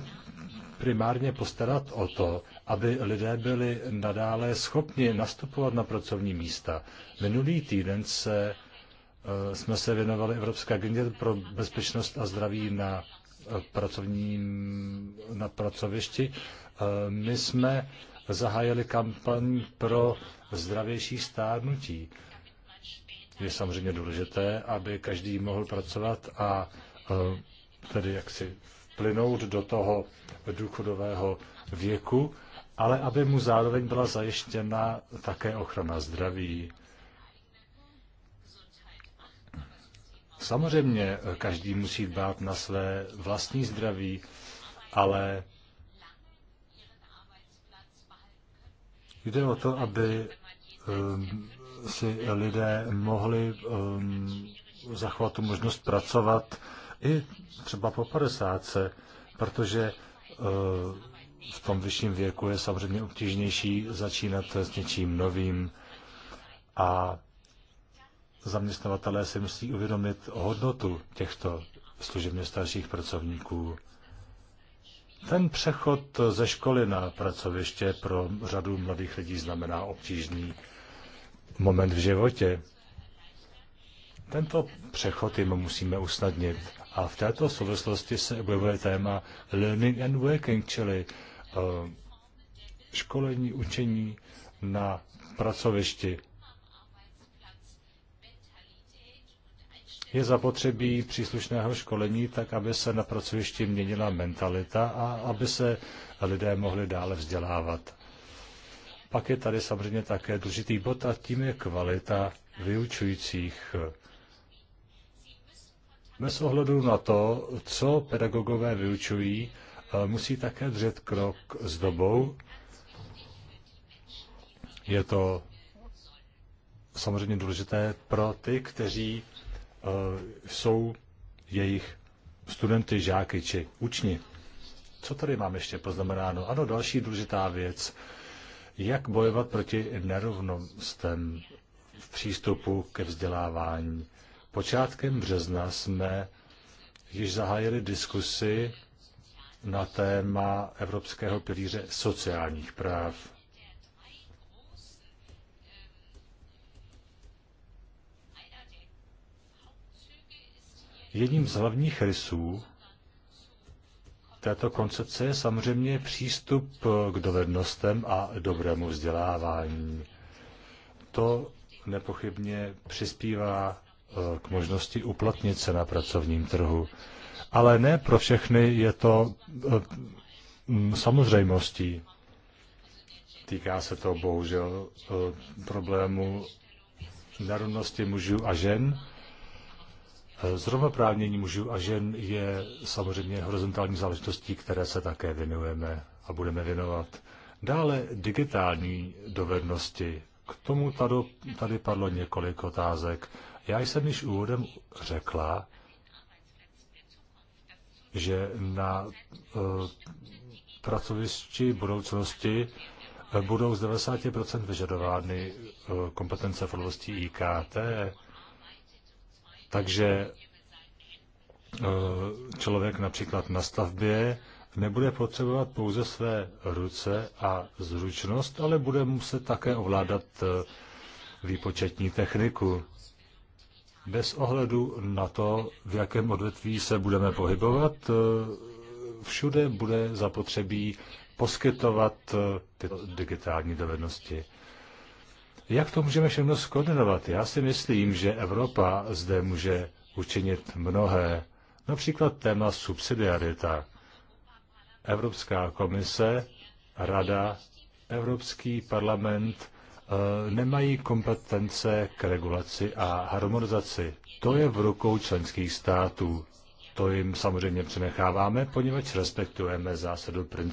primárně postarat o to, aby lidé byli nadále schopni nastupovat na pracovní místa. Minulý týden se Eh, jsme se věnovali Evropské agendě pro bezpečnost a zdraví na eh, pracovním, na pracovišti. Eh, my jsme zahájili kampaň pro zdravější stárnutí. Je samozřejmě důležité, aby každý mohl pracovat a tedy jak si vplynout do toho důchodového věku, ale aby mu zároveň byla zajištěna také ochrana zdraví. Samozřejmě eh, každý musí dbát na své vlastní zdraví, ale jde o to, aby eh, si lidé mohli eh, zachovat tu možnost pracovat i třeba po 50, protože v tom vyšším věku je samozřejmě obtížnější začínat s něčím novým a zaměstnavatelé si musí uvědomit hodnotu těchto služebně starších pracovníků. Ten přechod ze školy na pracoviště pro řadu mladých lidí znamená obtížný moment v životě. Tento přechod jim musíme usnadnit. A v této souvislosti se objevuje téma learning and working, čili eh, školení, učení na pracovišti. je zapotřebí příslušného školení, tak aby se na pracovišti měnila mentalita a aby se lidé mohli dále vzdělávat. Pak je tady samozřejmě také důležitý bod a tím je kvalita vyučujících. Bez ohledu na to, co pedagogové vyučují, eh, musí také držet krok s dobou. Je to samozřejmě důležité pro ty, kteří Eh, jsou jejich studenty, žáky či učni. Co tady mám ještě poznamenáno? Ano, další důležitá věc. Jak bojovat proti nerovnostem v přístupu ke vzdělávání? Počátkem března jsme již zahájili diskusy na téma Evropského pilíře sociálních práv. Jedním z hlavních rysů této koncepce je samozřejmě přístup k dovednostem a dobrému vzdělávání. To nepochybně přispívá eh, k možnosti uplatnit se na pracovním trhu. Ale ne pro všechny je to eh, samozřejmostí. Týká se to bohužel eh, problému nerovnosti mužů a žen, Zrovnoprávnění mužů a žen je samozřejmě horizontální záležitostí, které se také věnujeme a budeme věnovat. Dále digitální dovednosti. K tomu tady, tady padlo několik otázek. Já jsem již úvodem řekla, že na eh, pracovišti budoucnosti eh, budou z 90% vyžadovány eh, kompetence v oblasti IKT, takže eh, člověk například na stavbě nebude potřebovat pouze své ruce a zručnost, ale bude muset také ovládat eh, výpočetní techniku. Bez ohledu na to, v jakém odvětví se budeme pohybovat, eh, všude bude zapotřebí poskytovat tyto digitální dovednosti. Jak to můžeme všechno skoordinovat? Já si myslím, že Evropa zde může učinit mnohé. Například téma subsidiarita. Evropská komise, rada, Evropský parlament eh, nemají kompetence k regulaci a harmonizaci. To je v rukou členských států. To jim samozřejmě přenecháváme, poněvadž respektujeme zásadu eh,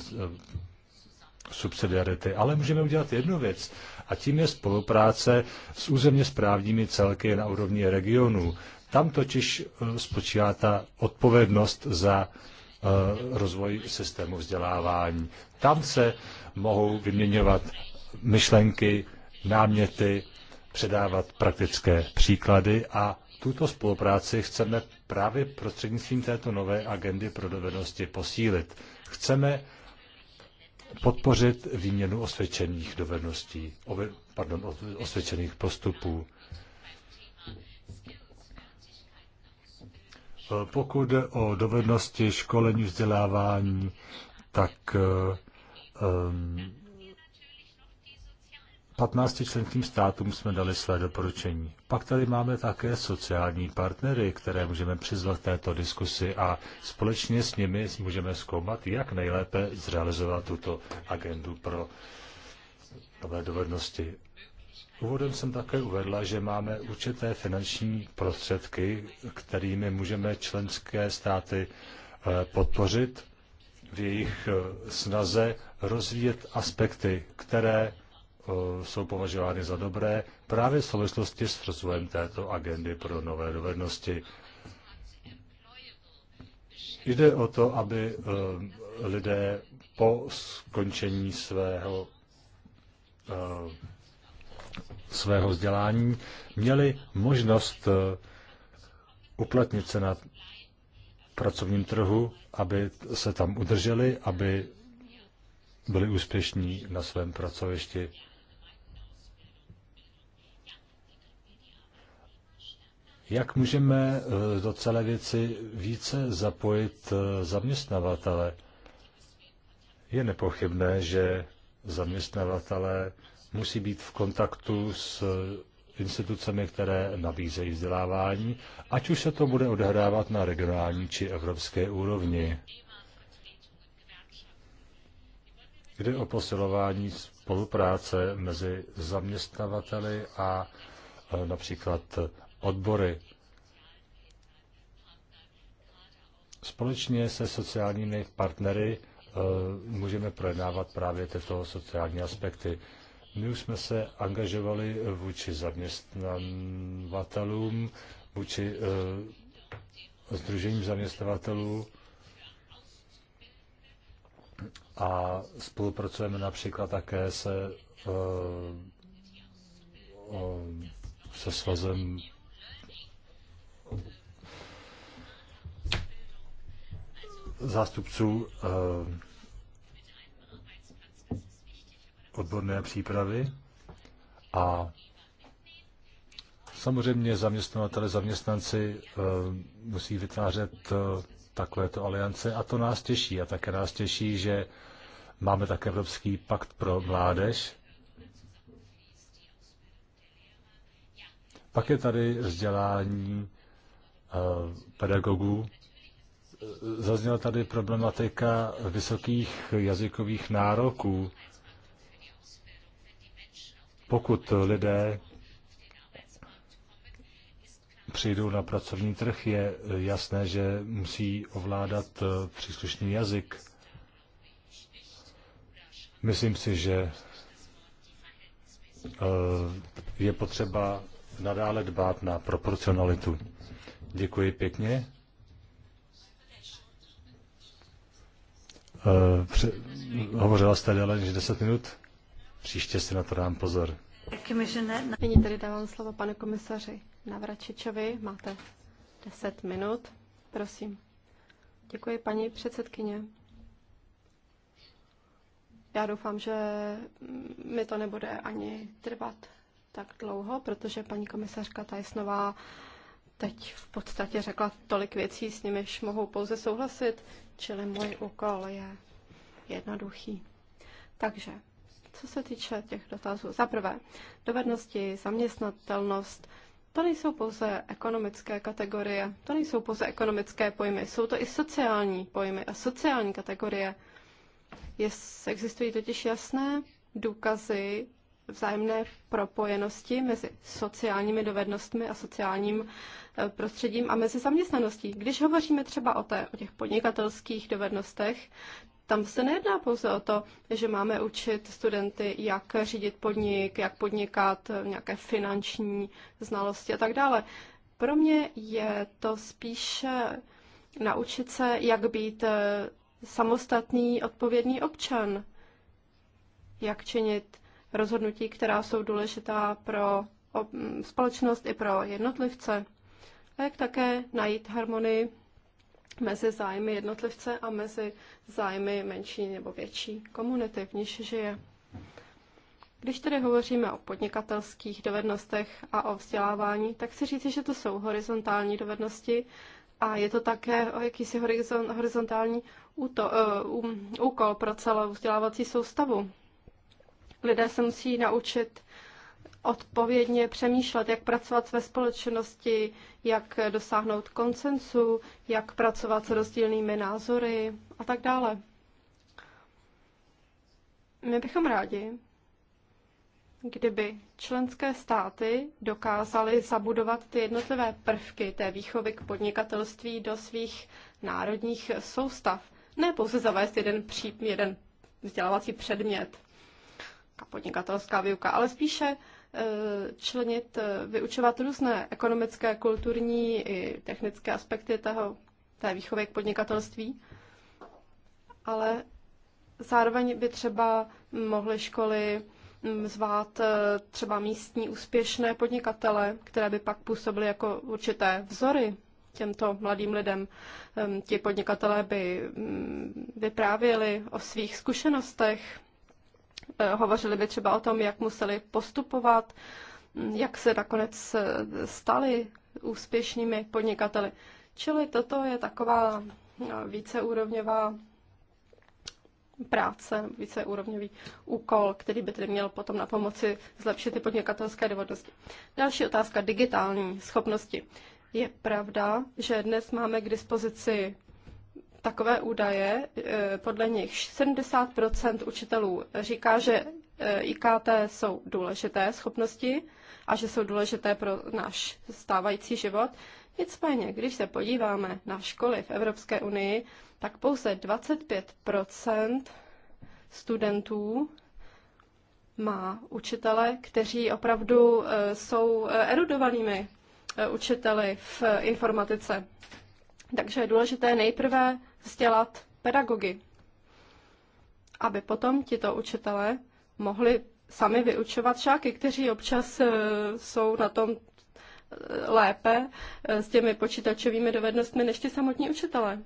subsidiarity. Ale můžeme udělat jednu věc a tím je spolupráce s územně správními celky na úrovni regionů. Tam totiž eh, spočívá ta odpovědnost za eh, rozvoj systému vzdělávání. Tam se mohou vyměňovat myšlenky, náměty, předávat praktické příklady a tuto spolupráci chceme právě prostřednictvím této nové agendy pro dovednosti posílit. Chceme podpořit výměnu osvědčených dovedností, pardon, osvědčených postupů. Pokud jde o dovednosti školení, vzdělávání, tak um, 15 členským státům jsme dali své doporučení. Pak tady máme také sociální partnery, které můžeme přizvat k této diskusi a společně s nimi můžeme zkoumat, jak nejlépe zrealizovat tuto agendu pro nové dovednosti. Úvodem jsem také uvedla, že máme určité finanční prostředky, kterými můžeme členské státy eh, podpořit v jejich eh, snaze rozvíjet aspekty, které Eh, jsou považovány za dobré právě v souvislosti s rozvojem této agendy pro nové dovednosti. Jde o to, aby eh, lidé po skončení svého eh, svého vzdělání měli možnost uplatnit se na pracovním trhu, aby se tam udrželi, aby byli úspěšní na svém pracovišti. Jak můžeme eh, do celé věci více zapojit eh, zaměstnavatele? Je nepochybné, že zaměstnavatele musí být v kontaktu s eh, institucemi, které nabízejí vzdělávání, ať už se to bude odehrávat na regionální či evropské úrovni. Kde o posilování spolupráce mezi zaměstnavateli a například odbory. Společně se sociálními partnery eh, můžeme projednávat právě tyto sociální aspekty. My už jsme se angažovali vůči zaměstnavatelům, vůči Združením eh, zaměstnavatelů a spolupracujeme například také se, eh, se svazem zástupců eh, odborné přípravy a samozřejmě zaměstnavatele, zaměstnanci eh, musí vytvářet eh, takovéto aliance a to nás těší. A také nás těší, že máme také Evropský pakt pro mládež. Pak je tady vzdělání pedagogů, Zazněla tady problematika vysokých jazykových nároků. Pokud lidé přijdou na pracovní trh, je jasné, že musí ovládat příslušný jazyk. Myslím si, že eh, je potřeba nadále dbát na proporcionalitu. Děkuji pěkně. Eh, hovořila jste déle než 10 minut? Příště si na to dám pozor. Nyní tedy dávám slovo panu komisaři Navračičovi. Máte 10 minut. Prosím. Děkuji, paní předsedkyně. Já doufám, že mi to nebude ani trvat tak dlouho, protože paní komisařka Tajsnová teď v podstatě řekla tolik věcí, s nimiž mohu pouze souhlasit, čili můj úkol je jednoduchý. Takže, co se týče těch dotazů. Za prvé, dovednosti, zaměstnatelnost, to nejsou pouze ekonomické kategorie, to nejsou pouze ekonomické pojmy, jsou to i sociální pojmy a sociální kategorie. Jest, existují totiž jasné důkazy vzájemné propojenosti mezi sociálními dovednostmi a sociálním eh, prostředím a mezi zaměstnaností. Když hovoříme třeba o, té, o těch podnikatelských dovednostech, tam se nejedná pouze o to, že máme učit studenty, jak řídit podnik, jak podnikat, eh, nějaké finanční znalosti a tak dále. Pro mě je to spíše naučit se, jak být eh, samostatný, odpovědný občan, jak činit rozhodnutí, která jsou důležitá pro společnost i pro jednotlivce. A jak také najít harmonii mezi zájmy jednotlivce a mezi zájmy menší nebo větší komunity, v níž žije. Když tedy hovoříme o podnikatelských dovednostech a o vzdělávání, tak si říci, že to jsou horizontální dovednosti a je to také o jakýsi horizon, horizontální úto, uh, um, úkol pro celou vzdělávací soustavu. Lidé se musí naučit odpovědně přemýšlet, jak pracovat ve společnosti, jak dosáhnout koncensu, jak pracovat s rozdílnými názory a tak dále. My bychom rádi, kdyby členské státy dokázaly zabudovat ty jednotlivé prvky té výchovy k podnikatelství do svých národních soustav. Ne pouze zavést jeden, pří, jeden vzdělávací předmět podnikatelská výuka, ale spíše eh, členit, eh, vyučovat různé ekonomické, kulturní i technické aspekty toho, té výchovy k podnikatelství, ale zároveň by třeba mohly školy hm, zvát eh, třeba místní úspěšné podnikatele, které by pak působily jako určité vzory těmto mladým lidem. Hm, ti podnikatelé by hm, vyprávěli o svých zkušenostech, Eh, hovořili by třeba o tom, jak museli postupovat, hm, jak se nakonec eh, stali úspěšnými podnikateli. Čili toto je taková eh, víceúrovňová práce, víceúrovňový úkol, který by tedy měl potom na pomoci zlepšit ty podnikatelské dovednosti. Další otázka, digitální schopnosti. Je pravda, že dnes máme k dispozici takové údaje, e, podle nich 70 učitelů říká, že e, IKT jsou důležité schopnosti a že jsou důležité pro náš stávající život. Nicméně, když se podíváme na školy v Evropské unii, tak pouze 25 studentů má učitele, kteří opravdu e, jsou erudovanými učiteli v informatice. Takže je důležité nejprve vzdělat pedagogy, aby potom tito učitelé mohli sami vyučovat žáky, kteří občas eh, jsou na tom eh, lépe eh, s těmi počítačovými dovednostmi než ti samotní učitelé.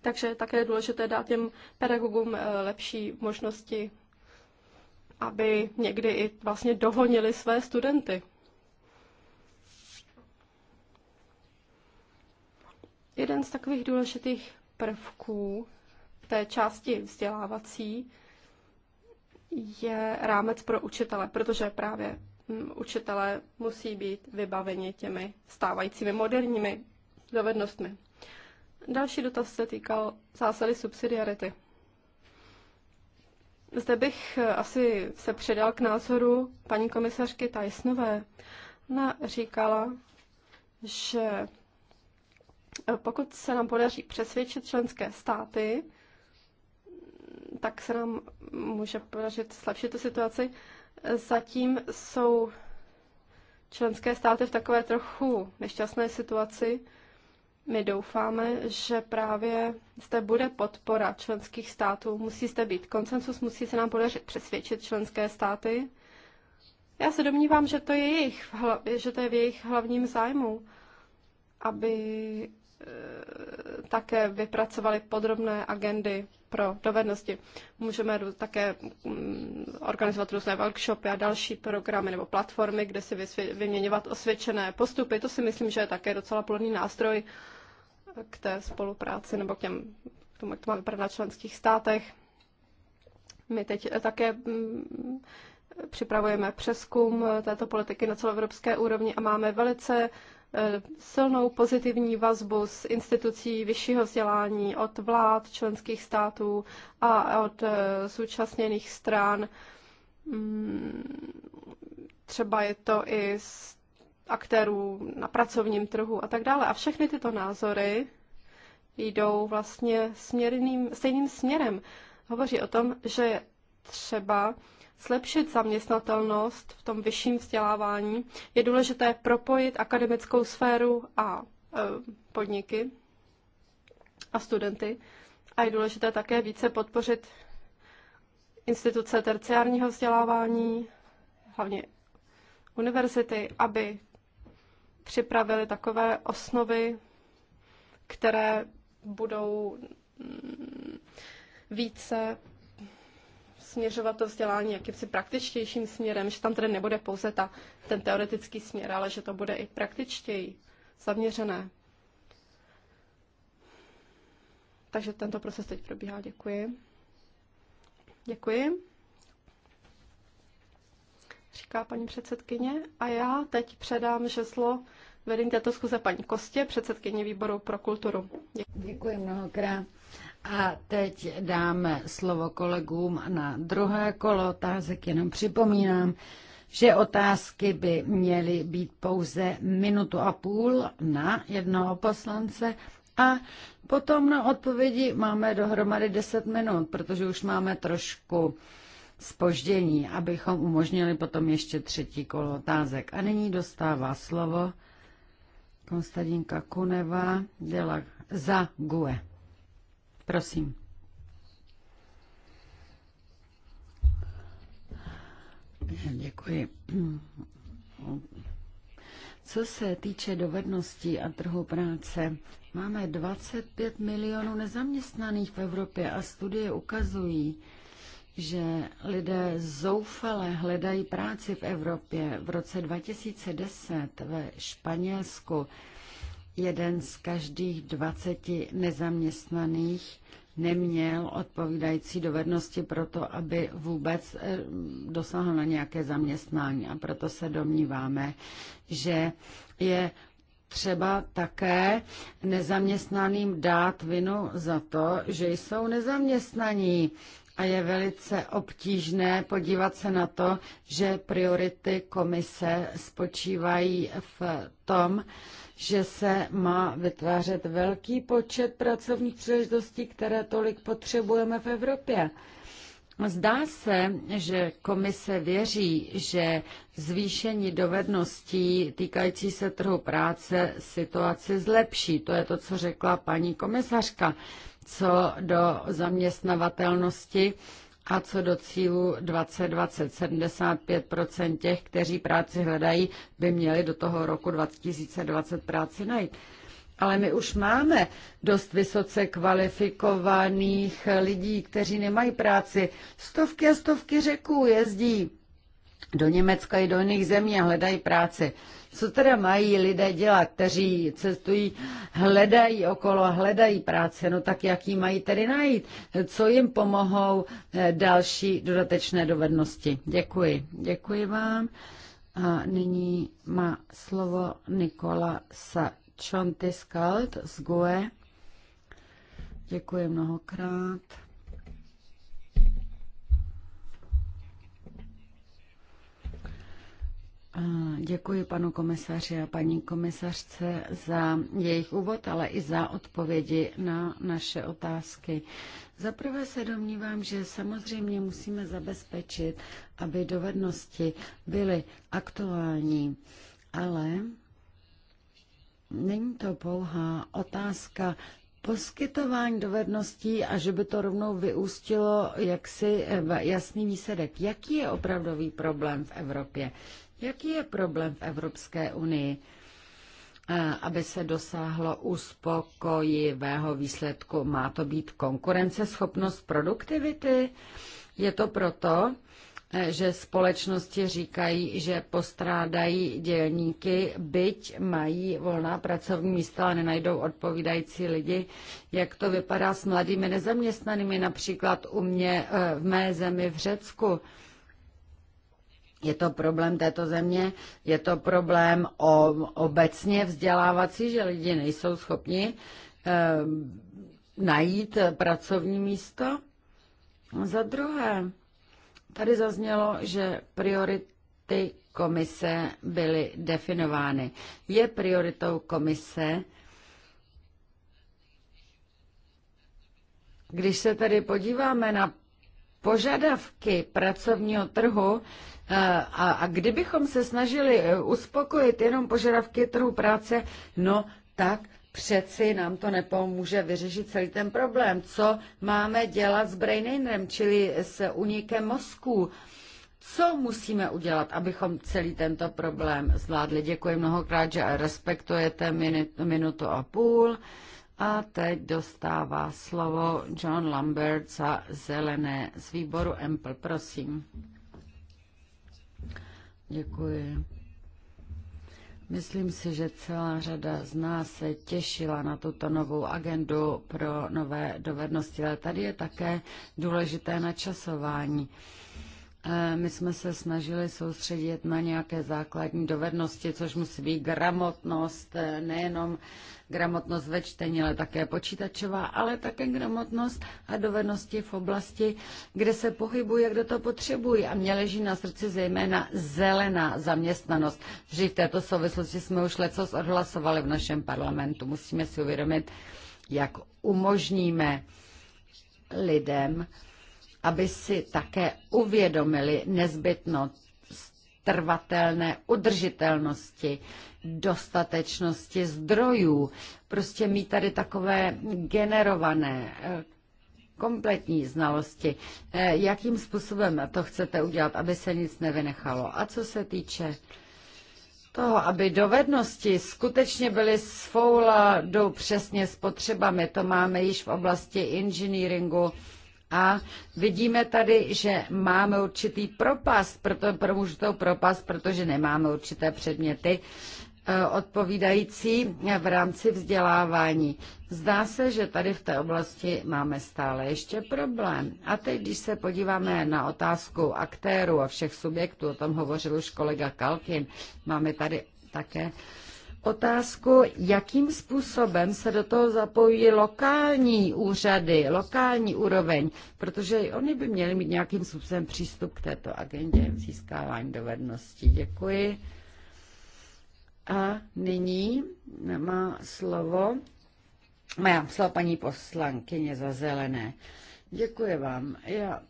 Takže také je důležité dát těm pedagogům lepší možnosti, aby někdy i vlastně dohonili své studenty. jeden z takových důležitých prvků té části vzdělávací je rámec pro učitele, protože právě mm, učitele musí být vybaveni těmi stávajícími moderními dovednostmi. Další dotaz se týkal zásady subsidiarity. Zde bych eh, asi se předal k názoru paní komisařky Tajsnové, Ona říkala, že Eh, pokud se nám podaří přesvědčit členské státy, tak se nám může podařit zlepšit tu situaci. Zatím jsou členské státy v takové trochu nešťastné situaci. My doufáme, že právě zde bude podpora členských států. Musí zde být konsensus, musí se nám podařit přesvědčit členské státy. Já se domnívám, že to je, jejich, že to je v jejich hlavním zájmu, aby Eh, také vypracovali podrobné agendy pro dovednosti. Můžeme také mm, organizovat různé workshopy a další programy nebo platformy, kde si vyměňovat osvědčené postupy. To si myslím, že je také docela plodný nástroj k té spolupráci nebo k, těm, k tomu, jak to máme na členských státech. My teď eh, také mm, připravujeme přeskum eh, této politiky na celoevropské úrovni a máme velice Eh, silnou pozitivní vazbu s institucí vyššího vzdělání od vlád členských států a od eh, zúčastněných stran. Mm, třeba je to i z aktérů na pracovním trhu a tak dále. A všechny tyto názory jdou vlastně směrným, stejným směrem. Hovoří o tom, že třeba zlepšit zaměstnatelnost v tom vyšším vzdělávání, je důležité propojit akademickou sféru a e, podniky a studenty. A je důležité také více podpořit instituce terciárního vzdělávání, hlavně univerzity, aby připravili takové osnovy, které budou mm, více směřovat to vzdělání jakýmsi praktičtějším směrem, že tam tedy nebude pouze ta, ten teoretický směr, ale že to bude i praktičtěji zaměřené. Takže tento proces teď probíhá. Děkuji. Děkuji, říká paní předsedkyně. A já teď předám žeslo vedení této schůze paní Kostě, předsedkyně výboru pro kulturu. Děkuji, Děkuji mnohokrát. A teď dáme slovo kolegům na druhé kolo otázek. Jenom připomínám, že otázky by měly být pouze minutu a půl na jednoho poslance a potom na odpovědi máme dohromady 10 minut, protože už máme trošku spoždění, abychom umožnili potom ještě třetí kolo otázek. A nyní dostává slovo Konstadinka Kuneva děla za GUE. Prosím. Děkuji. Co se týče dovedností a trhu práce, máme 25 milionů nezaměstnaných v Evropě a studie ukazují, že lidé zoufale hledají práci v Evropě. V roce 2010 ve Španělsku jeden z každých 20 nezaměstnaných neměl odpovídající dovednosti pro to, aby vůbec eh, dosáhl na nějaké zaměstnání. A proto se domníváme, že je třeba také nezaměstnaným dát vinu za to, že jsou nezaměstnaní a je velice obtížné podívat se na to, že priority komise spočívají v tom, že se má vytvářet velký počet pracovních příležitostí, které tolik potřebujeme v Evropě. Zdá se, že komise věří, že zvýšení dovedností týkající se trhu práce situaci zlepší. To je to, co řekla paní komisařka co do zaměstnavatelnosti a co do cílu 2020 75 těch, kteří práci hledají, by měli do toho roku 2020 práci najít. Ale my už máme dost vysoce kvalifikovaných lidí, kteří nemají práci. Stovky a stovky řeků jezdí do Německa i do jiných zemí a hledají práci. Co teda mají lidé dělat, kteří cestují, hledají okolo, hledají práce, no tak jak ji mají tedy najít? Co jim pomohou eh, další dodatečné dovednosti? Děkuji. Děkuji vám. A nyní má slovo Nikola Sačontiskalt z GUE. Děkuji mnohokrát. Děkuji panu komisaři a paní komisařce za jejich úvod, ale i za odpovědi na naše otázky. Za prvé se domnívám, že samozřejmě musíme zabezpečit, aby dovednosti byly aktuální, ale není to pouhá otázka poskytování dovedností a že by to rovnou vyústilo jaksi jasný výsledek. Jaký je opravdový problém v Evropě? Jaký je problém v Evropské unii? aby se dosáhlo uspokojivého výsledku. Má to být konkurenceschopnost produktivity? Je to proto, e, že společnosti říkají, že postrádají dělníky, byť mají volná pracovní místa a nenajdou odpovídající lidi. Jak to vypadá s mladými nezaměstnanými, například u mě e, v mé zemi v Řecku? Je to problém této země, je to problém o, obecně vzdělávací, že lidi nejsou schopni e, najít pracovní místo. Za druhé, tady zaznělo, že priority komise byly definovány. Je prioritou komise, když se tady podíváme na požadavky pracovního trhu eh, a, a kdybychom se snažili eh, uspokojit jenom požadavky trhu práce, no tak přeci nám to nepomůže vyřešit celý ten problém. Co máme dělat s brain čili s unikem mozku? Co musíme udělat, abychom celý tento problém zvládli? Děkuji mnohokrát, že respektujete minutu a půl. A teď dostává slovo John Lambert za zelené z výboru Ample, Prosím. Děkuji. Myslím si, že celá řada z nás se těšila na tuto novou agendu pro nové dovednosti, ale tady je také důležité načasování. E, my jsme se snažili soustředit na nějaké základní dovednosti, což musí být gramotnost, e, nejenom gramotnost ve čtení, ale také počítačová, ale také gramotnost a dovednosti v oblasti, kde se pohybují, kdo to potřebují. A mě leží na srdci zejména zelená zaměstnanost. Vždy v této souvislosti jsme už leco odhlasovali v našem parlamentu. Musíme si uvědomit, jak umožníme lidem, aby si také uvědomili nezbytnost trvatelné udržitelnosti, dostatečnosti zdrojů, prostě mít tady takové generované eh, kompletní znalosti, eh, jakým způsobem to chcete udělat, aby se nic nevynechalo. A co se týče toho, aby dovednosti skutečně byly svoula jdou přesně s potřebami, to máme již v oblasti inženýringu. A vidíme tady, že máme určitý propast, proto pro to propast, protože nemáme určité předměty eh, odpovídající v rámci vzdělávání. Zdá se, že tady v té oblasti máme stále ještě problém. A teď, když se podíváme na otázku aktérů a všech subjektů, o tom hovořil už kolega Kalkin, máme tady také otázku, jakým způsobem se do toho zapojí lokální úřady, lokální úroveň, protože i oni by měli mít nějakým způsobem přístup k této agendě získávání dovedností. Děkuji. A nyní má slovo, má slovo paní poslankyně za zelené. Děkuji vám. Já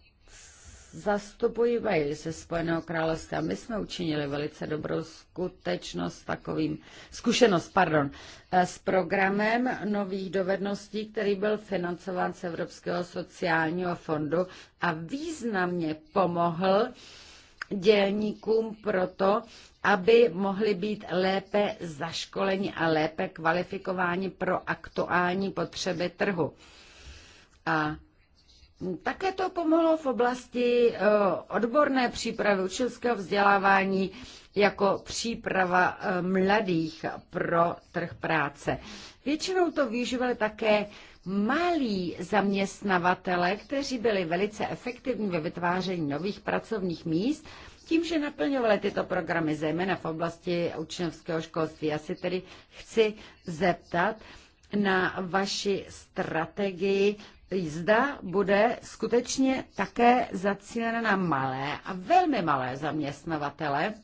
zastupují Wales ze Spojeného království a my jsme učinili velice dobrou skutečnost takovým, zkušenost, pardon, eh, s programem nových dovedností, který byl financován z Evropského sociálního fondu a významně pomohl dělníkům proto, aby mohli být lépe zaškoleni a lépe kvalifikováni pro aktuální potřeby trhu. A také to pomohlo v oblasti eh, odborné přípravy učitelského vzdělávání jako příprava eh, mladých pro trh práce. Většinou to využívali také malí zaměstnavatele, kteří byli velice efektivní ve vytváření nových pracovních míst, tím, že naplňovali tyto programy, zejména v oblasti učňovského školství. Já si tedy chci zeptat na vaši strategii jízda bude skutečně také zacílena na malé a velmi malé zaměstnavatele.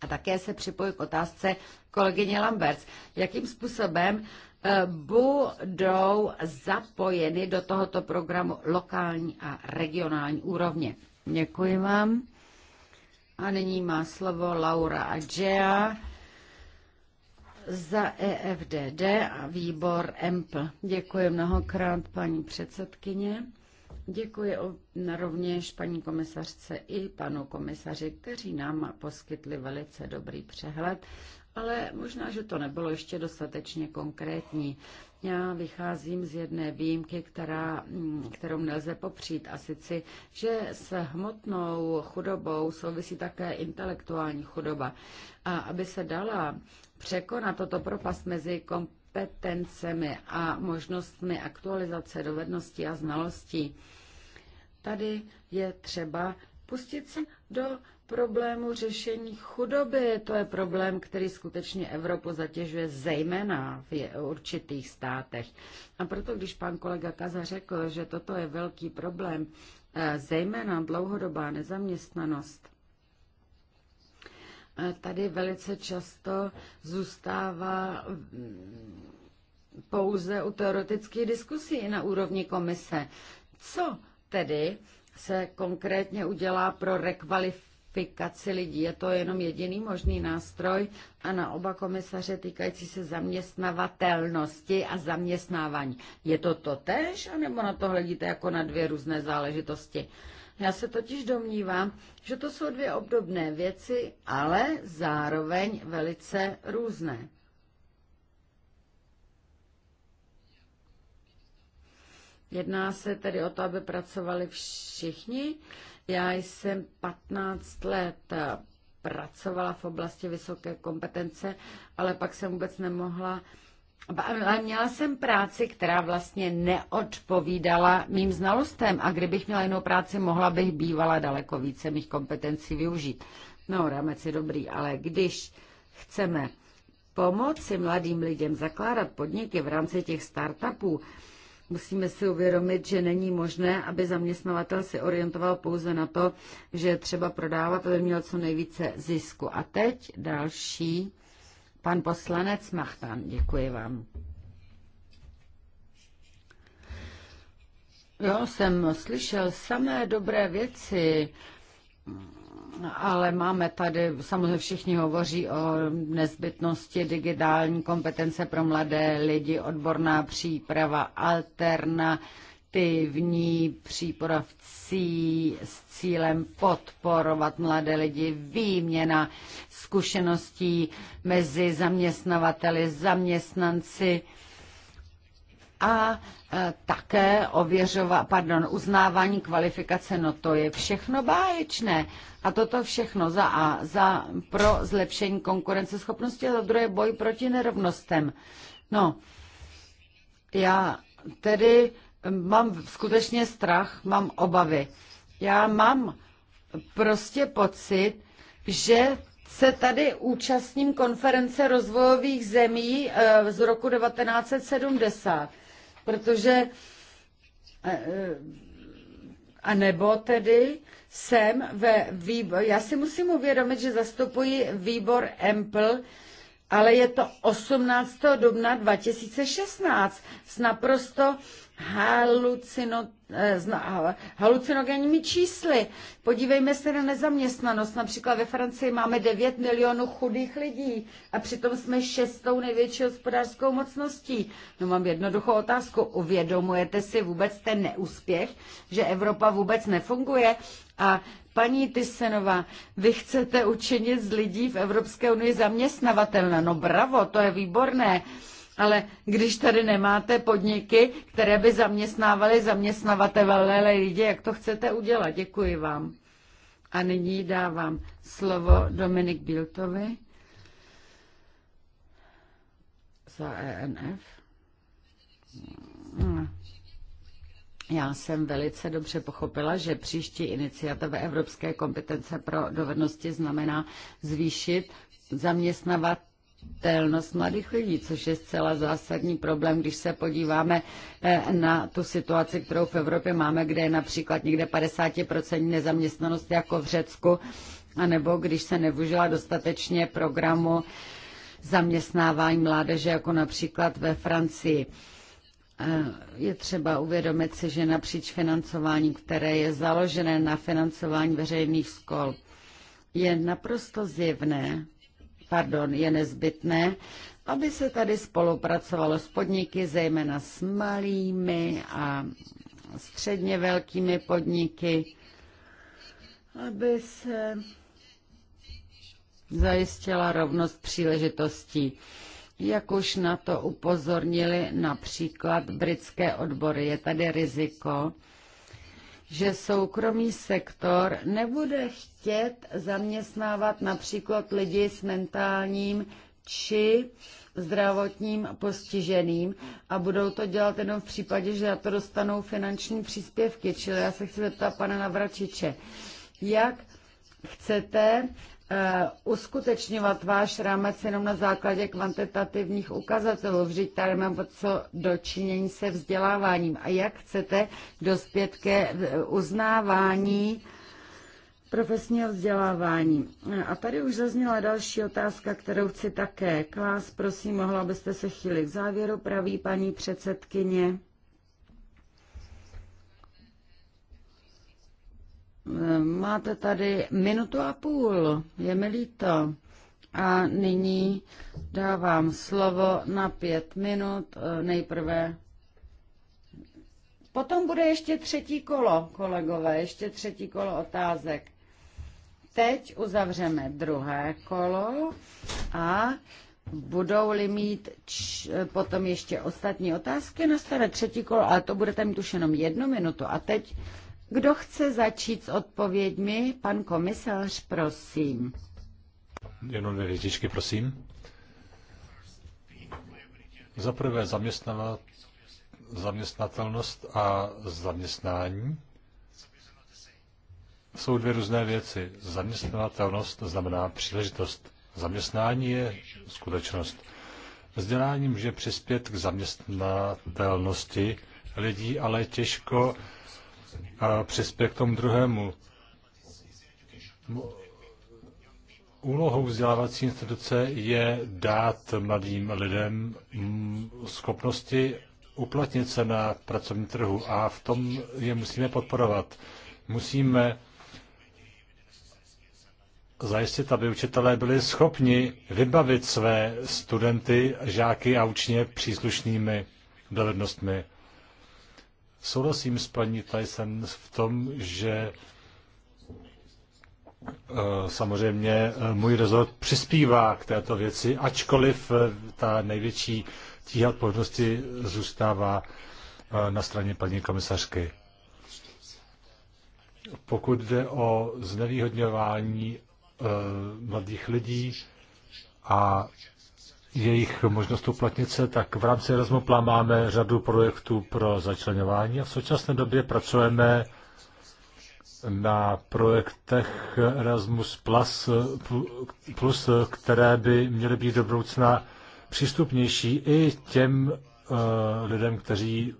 A také se připojí k otázce kolegyně Lamberts. Jakým způsobem eh, budou zapojeny do tohoto programu lokální a regionální úrovně? Děkuji vám. A nyní má slovo Laura Adžea za EFDD a výbor EMPL. Děkuji mnohokrát paní předsedkyně. Děkuji rovněž paní komisařce i panu komisaři, kteří nám poskytli velice dobrý přehled, ale možná, že to nebylo ještě dostatečně konkrétní. Já vycházím z jedné výjimky, která, kterou nelze popřít, a sice, že s hmotnou chudobou souvisí také intelektuální chudoba. A aby se dala překonat toto propast mezi kompetencemi a možnostmi aktualizace dovedností a znalostí, tady je třeba pustit se do problému řešení chudoby. To je problém, který skutečně Evropu zatěžuje zejména v určitých státech. A proto, když pan kolega Kaza řekl, že toto je velký problém, eh, zejména dlouhodobá nezaměstnanost, tady velice často zůstává mm, pouze u teoretických diskusí na úrovni komise. Co tedy se konkrétně udělá pro rekvalifikaci lidí? Je to jenom jediný možný nástroj a na oba komisaře týkající se zaměstnavatelnosti a zaměstnávání. Je to to tež, anebo na to hledíte jako na dvě různé záležitosti? Uh, já se totiž domnívám, že to jsou dvě obdobné věci, ale zároveň velice různé. Jedná se tedy o to, aby pracovali všichni. Já jsem 15 let pracovala v oblasti vysoké kompetence, ale pak jsem vůbec nemohla uh, ale měla jsem práci, která vlastně neodpovídala mým znalostem a kdybych měla jinou práci, mohla bych bývala daleko více mých kompetencí využít. No, rámec je dobrý, ale když chceme pomoci mladým lidem zakládat podniky v rámci těch startupů, musíme si uvědomit, že není možné, aby zaměstnavatel se orientoval pouze na to, že třeba prodávat, aby měl co nejvíce zisku. A teď další Pan poslanec Machtan, děkuji vám. Jo, jsem slyšel samé dobré věci, ale máme tady, samozřejmě všichni hovoří o nezbytnosti digitální kompetence pro mladé lidi, odborná příprava, alterna aktivní přípravcí s cílem podporovat mladé lidi, výměna zkušeností mezi zaměstnavateli, zaměstnanci a e, také ověřova, pardon, uznávání kvalifikace, no to je všechno báječné. A toto všechno za A, za pro zlepšení konkurenceschopnosti a za druhé boj proti nerovnostem. No, já tedy mám skutečně strach, mám obavy. Já mám prostě pocit, že se tady účastním konference rozvojových zemí eh, z roku 1970, protože eh, eh, a nebo tedy jsem ve výbor, já si musím uvědomit, že zastupuji výbor EMPL, ale je to 18. dubna 2016 s naprosto halucino, eh, halucinogenními čísly. Podívejme se na nezaměstnanost. Například ve Francii máme 9 milionů chudých lidí a přitom jsme šestou největší hospodářskou mocností. No mám jednoduchou otázku. Uvědomujete si vůbec ten neúspěch, že Evropa vůbec nefunguje a Paní Tysenová, vy chcete učinit z lidí v Evropské unii zaměstnavatelné. No bravo, to je výborné. Ale když tady nemáte podniky, které by zaměstnávaly zaměstnavatele lidi, jak to chcete udělat? Děkuji vám. A nyní dávám slovo Dominik Biltovi za ENF. Já jsem velice dobře pochopila, že příští iniciativa Evropské kompetence pro dovednosti znamená zvýšit zaměstnavat Telnost mladých lidí, což je zcela zásadní problém, když se podíváme eh, na tu situaci, kterou v Evropě máme, kde je například někde 50% nezaměstnanost jako v Řecku, anebo když se nevyužila dostatečně programu zaměstnávání mládeže, jako například ve Francii. Je třeba uvědomit si, že napříč financováním, které je založené na financování veřejných škol, je naprosto zjevné, pardon, je nezbytné, aby se tady spolupracovalo s podniky, zejména s malými a středně velkými podniky, aby se zajistila rovnost příležitostí. Jak už na to upozornili například britské odbory, je tady riziko, že soukromý sektor nebude chtět zaměstnávat například lidi s mentálním či zdravotním postiženým a budou to dělat jenom v případě, že na to dostanou finanční příspěvky. Čili já se chci zeptat pana Navračiče, jak chcete Eh, uskutečňovat váš rámec jenom na základě kvantitativních ukazatelů. Vždyť tady mám co dočinění se vzděláváním. A jak chcete dospět ke eh, uznávání profesního vzdělávání. Eh, a tady už zazněla další otázka, kterou chci také klás. Prosím, mohla byste se chvíli k závěru, praví paní předsedkyně. Máte tady minutu a půl, je mi líto. A nyní dávám slovo na pět minut eh, nejprve. Potom bude ještě třetí kolo, kolegové, ještě třetí kolo otázek. Teď uzavřeme druhé kolo a budou-li mít č, potom ještě ostatní otázky, nastane třetí kolo, ale to budete mít už jenom jednu minutu. A teď kdo chce začít s odpověďmi? Pan komisař, prosím. Jenom dvě větičky, prosím. Za prvé zaměstnatelnost a zaměstnání jsou dvě různé věci. Zaměstnatelnost znamená příležitost. Zaměstnání je skutečnost. Vzdělání může přispět k zaměstnatelnosti lidí, ale těžko a přispěje k tomu druhému. Úlohou vzdělávací instituce je dát mladým lidem schopnosti uplatnit se na pracovním trhu a v tom je musíme podporovat. Musíme zajistit, aby učitelé byli schopni vybavit své studenty, žáky a učně příslušnými dovednostmi. Souhlasím s paní Tyson v tom, že eh, samozřejmě eh, můj rezort přispívá k této věci, ačkoliv eh, ta největší tíha odpovědnosti zůstává na straně paní komisařky. Pokud jde o znevýhodňování mladých lidí a jejich možnost uplatnit se, tak v rámci Erasmopla máme řadu projektů pro začlenování a v současné době pracujeme na projektech Erasmus Plus, plus které by měly být do budoucna přístupnější i těm uh, lidem, kteří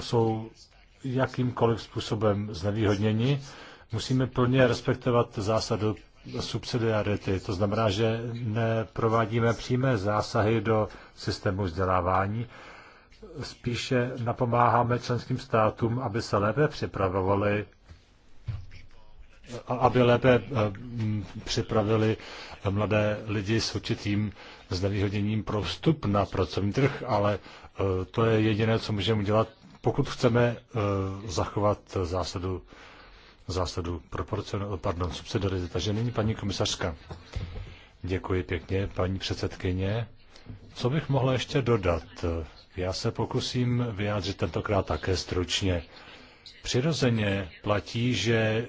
jsou jakýmkoliv způsobem znevýhodněni. Musíme plně respektovat zásadu subsidiarity. To znamená, že neprovádíme přímé zásahy do systému vzdělávání, spíše napomáháme členským státům, aby se lépe připravovali aby lépe eh, připravili mladé lidi s určitým znevýhodněním pro vstup na pracovní trh, ale eh, to je jediné, co můžeme udělat, pokud chceme eh, zachovat zásadu zásadu pardon, subsidiarity. Takže nyní paní komisařka. Děkuji pěkně, paní předsedkyně. Co bych mohla ještě dodat? Já se pokusím vyjádřit tentokrát také stručně. Přirozeně platí, že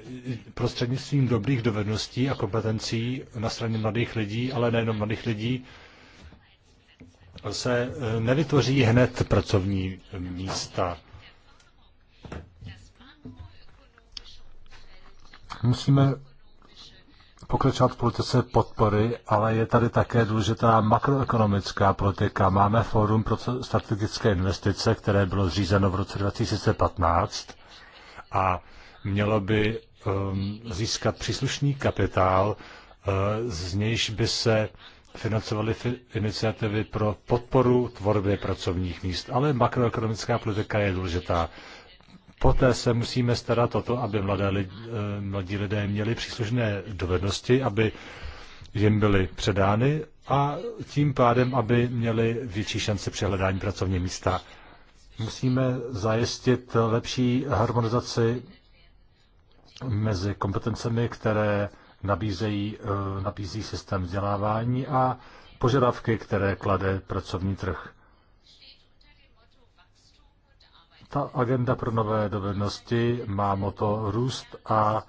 prostřednictvím dobrých dovedností a kompetencí na straně mladých lidí, ale nejenom mladých lidí, se nevytvoří hned pracovní místa. Musíme pokračovat v politice podpory, ale je tady také důležitá makroekonomická politika. Máme Fórum pro strategické investice, které bylo zřízeno v roce 2015 a mělo by um, získat příslušný kapitál, uh, z nějž by se financovaly fi- iniciativy pro podporu tvorby pracovních míst. Ale makroekonomická politika je důležitá. Poté se musíme starat o to, aby mladé lidi, eh, mladí lidé měli příslušné dovednosti, aby jim byly předány a tím pádem, aby měli větší šance při hledání pracovní místa. Musíme zajistit lepší harmonizaci mezi kompetencemi, které nabízejí, eh, nabízí systém vzdělávání a požadavky, které klade pracovní trh. Ta agenda pro nové dovednosti má moto růst a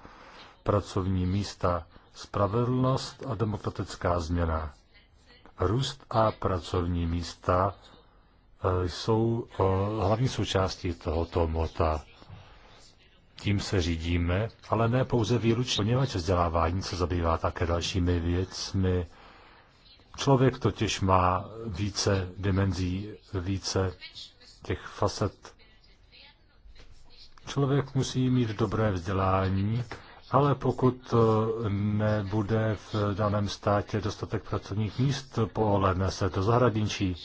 pracovní místa, spravedlnost a demokratická změna. Růst a pracovní místa eh, jsou eh, hlavní součástí tohoto mota. Tím se řídíme, ale ne pouze výlučně, poněvadž vzdělávání se zabývá také dalšími věcmi. Člověk totiž má více dimenzí, více těch facet Člověk musí mít dobré vzdělání, ale pokud eh, nebude v daném státě dostatek pracovních míst, pohledne se to zahraničí.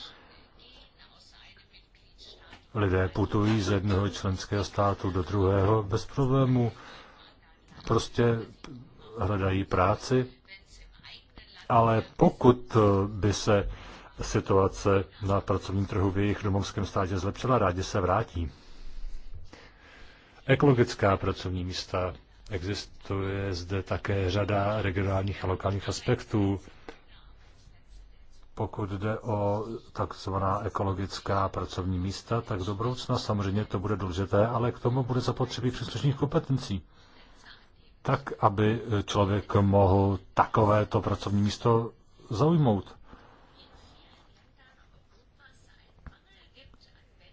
Lidé putují z jednoho členského státu do druhého bez problému, prostě hledají práci, ale pokud eh, by se situace na pracovním trhu v jejich domovském státě zlepšila, rádi se vrátí ekologická pracovní místa. Existuje zde také řada regionálních a lokálních aspektů. Pokud jde o takzvaná ekologická pracovní místa, tak do budoucna samozřejmě to bude důležité, ale k tomu bude zapotřebí příslušných kompetencí. Tak, aby člověk mohl takovéto pracovní místo zaujmout.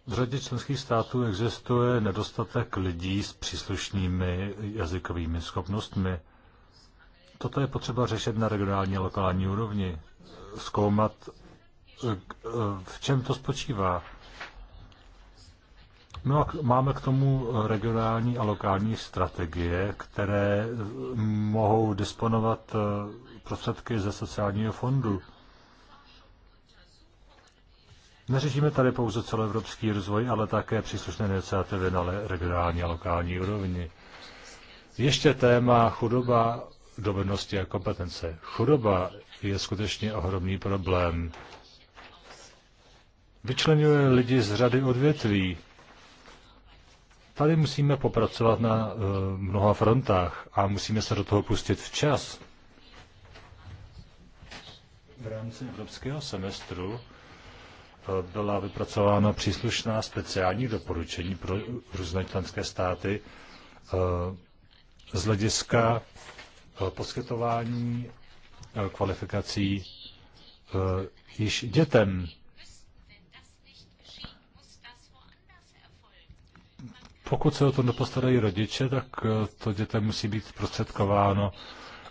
V řadě členských států existuje nedostatek lidí s příslušnými jazykovými schopnostmi. Toto je potřeba řešit na regionální a lokální úrovni. Zkoumat, v čem to spočívá. No a máme k tomu regionální a lokální strategie, které mohou disponovat eh, prostředky ze sociálního fondu. Neřešíme tady pouze celoevropský rozvoj, ale také příslušné iniciativy na regionální a lokální úrovni. Ještě téma chudoba, dovednosti a kompetence. Chudoba je skutečně ohromný problém. Vyčlenuje lidi z řady odvětví. Tady musíme popracovat na eh, mnoha frontách a musíme se do toho pustit včas. V rámci evropského semestru byla vypracována příslušná speciální doporučení pro různé členské státy eh, z hlediska eh, poskytování eh, kvalifikací již dětem. Pokud se o to nepostarají rodiče, tak to dětem musí být prostředkováno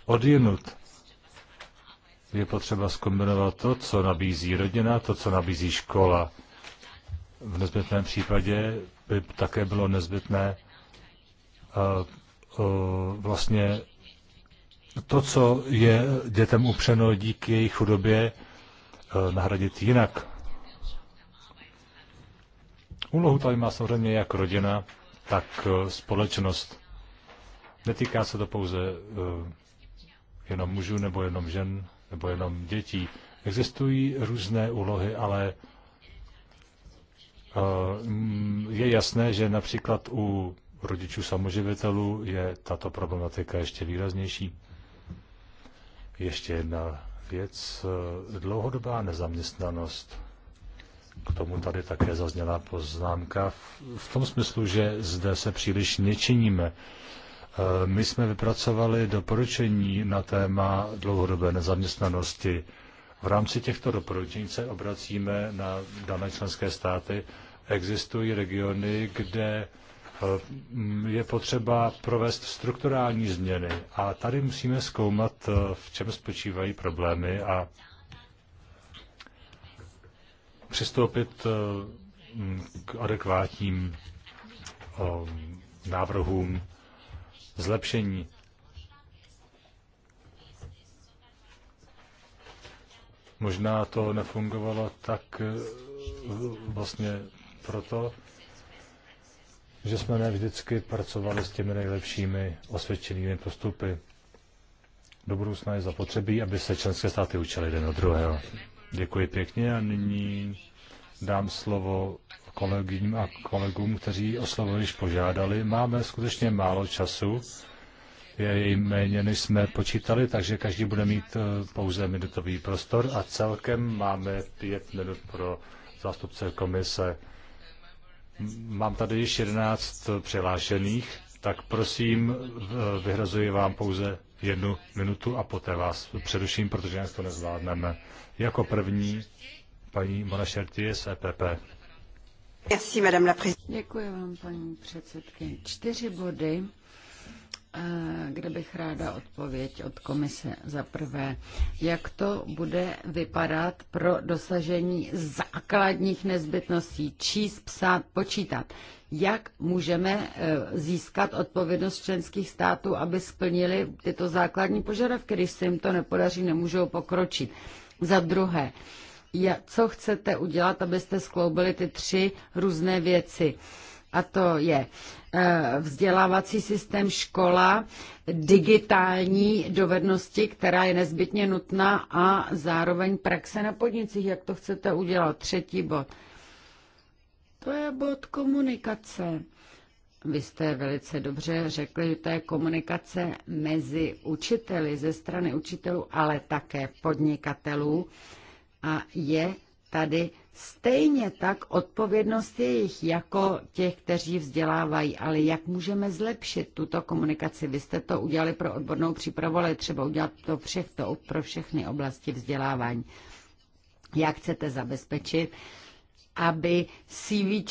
odjinut je potřeba zkombinovat to, co nabízí rodina, to, co nabízí škola. V nezbytném případě by také bylo nezbytné eh, vlastně to, co je dětem upřeno díky jejich chudobě, eh, nahradit jinak. Úlohu tady má samozřejmě jak rodina, tak eh, společnost. Netýká se to pouze jenom mužů nebo jenom žen, nebo jenom dětí. Existují různé úlohy, ale eh, mm, je jasné, že například u rodičů samoživitelů je tato problematika ještě výraznější. Ještě jedna věc, eh, dlouhodobá nezaměstnanost. K tomu tady také zazněla poznámka v, tom smyslu, že zde se příliš nečiníme. Eh, my jsme vypracovali doporučení na téma dlouhodobé nezaměstnanosti. V rámci těchto doporučení se obracíme na dané členské státy. Existují regiony, kde eh, je potřeba provést strukturální změny. A tady musíme zkoumat, eh, v čem spočívají problémy a přistoupit k adekvátním návrhům zlepšení. Možná to nefungovalo tak eh, vlastně proto, že jsme nevždycky pracovali s těmi nejlepšími osvědčenými postupy. Do budoucna je zapotřebí, aby se členské státy učili jeden od druhého. Děkuji pěkně a nyní dám slovo kolegyním a kolegům, kteří o slovo již požádali. Máme skutečně málo času, je jim méně, než jsme počítali, takže každý bude mít eh, pouze minutový prostor a celkem máme pět minut pro zástupce komise. Mám tady již 11 přihlášených, tak prosím, vyhrazuji vám pouze jednu minutu a poté vás přeruším, protože nás to nezvládneme. Jako první paní Mona Šertie z EPP. Děkuji vám, paní předsedkyně. Čtyři body eh, kde bych ráda odpověď od komise. Za prvé, jak to bude vypadat pro dosažení základních nezbytností číst, psát, počítat? Jak můžeme eh, získat odpovědnost členských států, aby splnili tyto základní požadavky, když se jim to nepodaří, nemůžou pokročit? Za druhé, co chcete udělat, abyste skloubili ty tři různé věci. A to je eh, vzdělávací systém škola, digitální dovednosti, která je nezbytně nutná a zároveň praxe na podnicích, jak to chcete udělat. Třetí bod. To je bod komunikace. Vy jste velice dobře řekli, že to je komunikace mezi učiteli ze strany učitelů, ale také podnikatelů a je tady stejně tak odpovědnost jejich jako těch, kteří vzdělávají. Ale jak můžeme zlepšit tuto komunikaci? Vy jste to udělali pro odbornou přípravu, ale třeba udělat to, všech, to pro všechny oblasti vzdělávání. Jak chcete zabezpečit, aby CV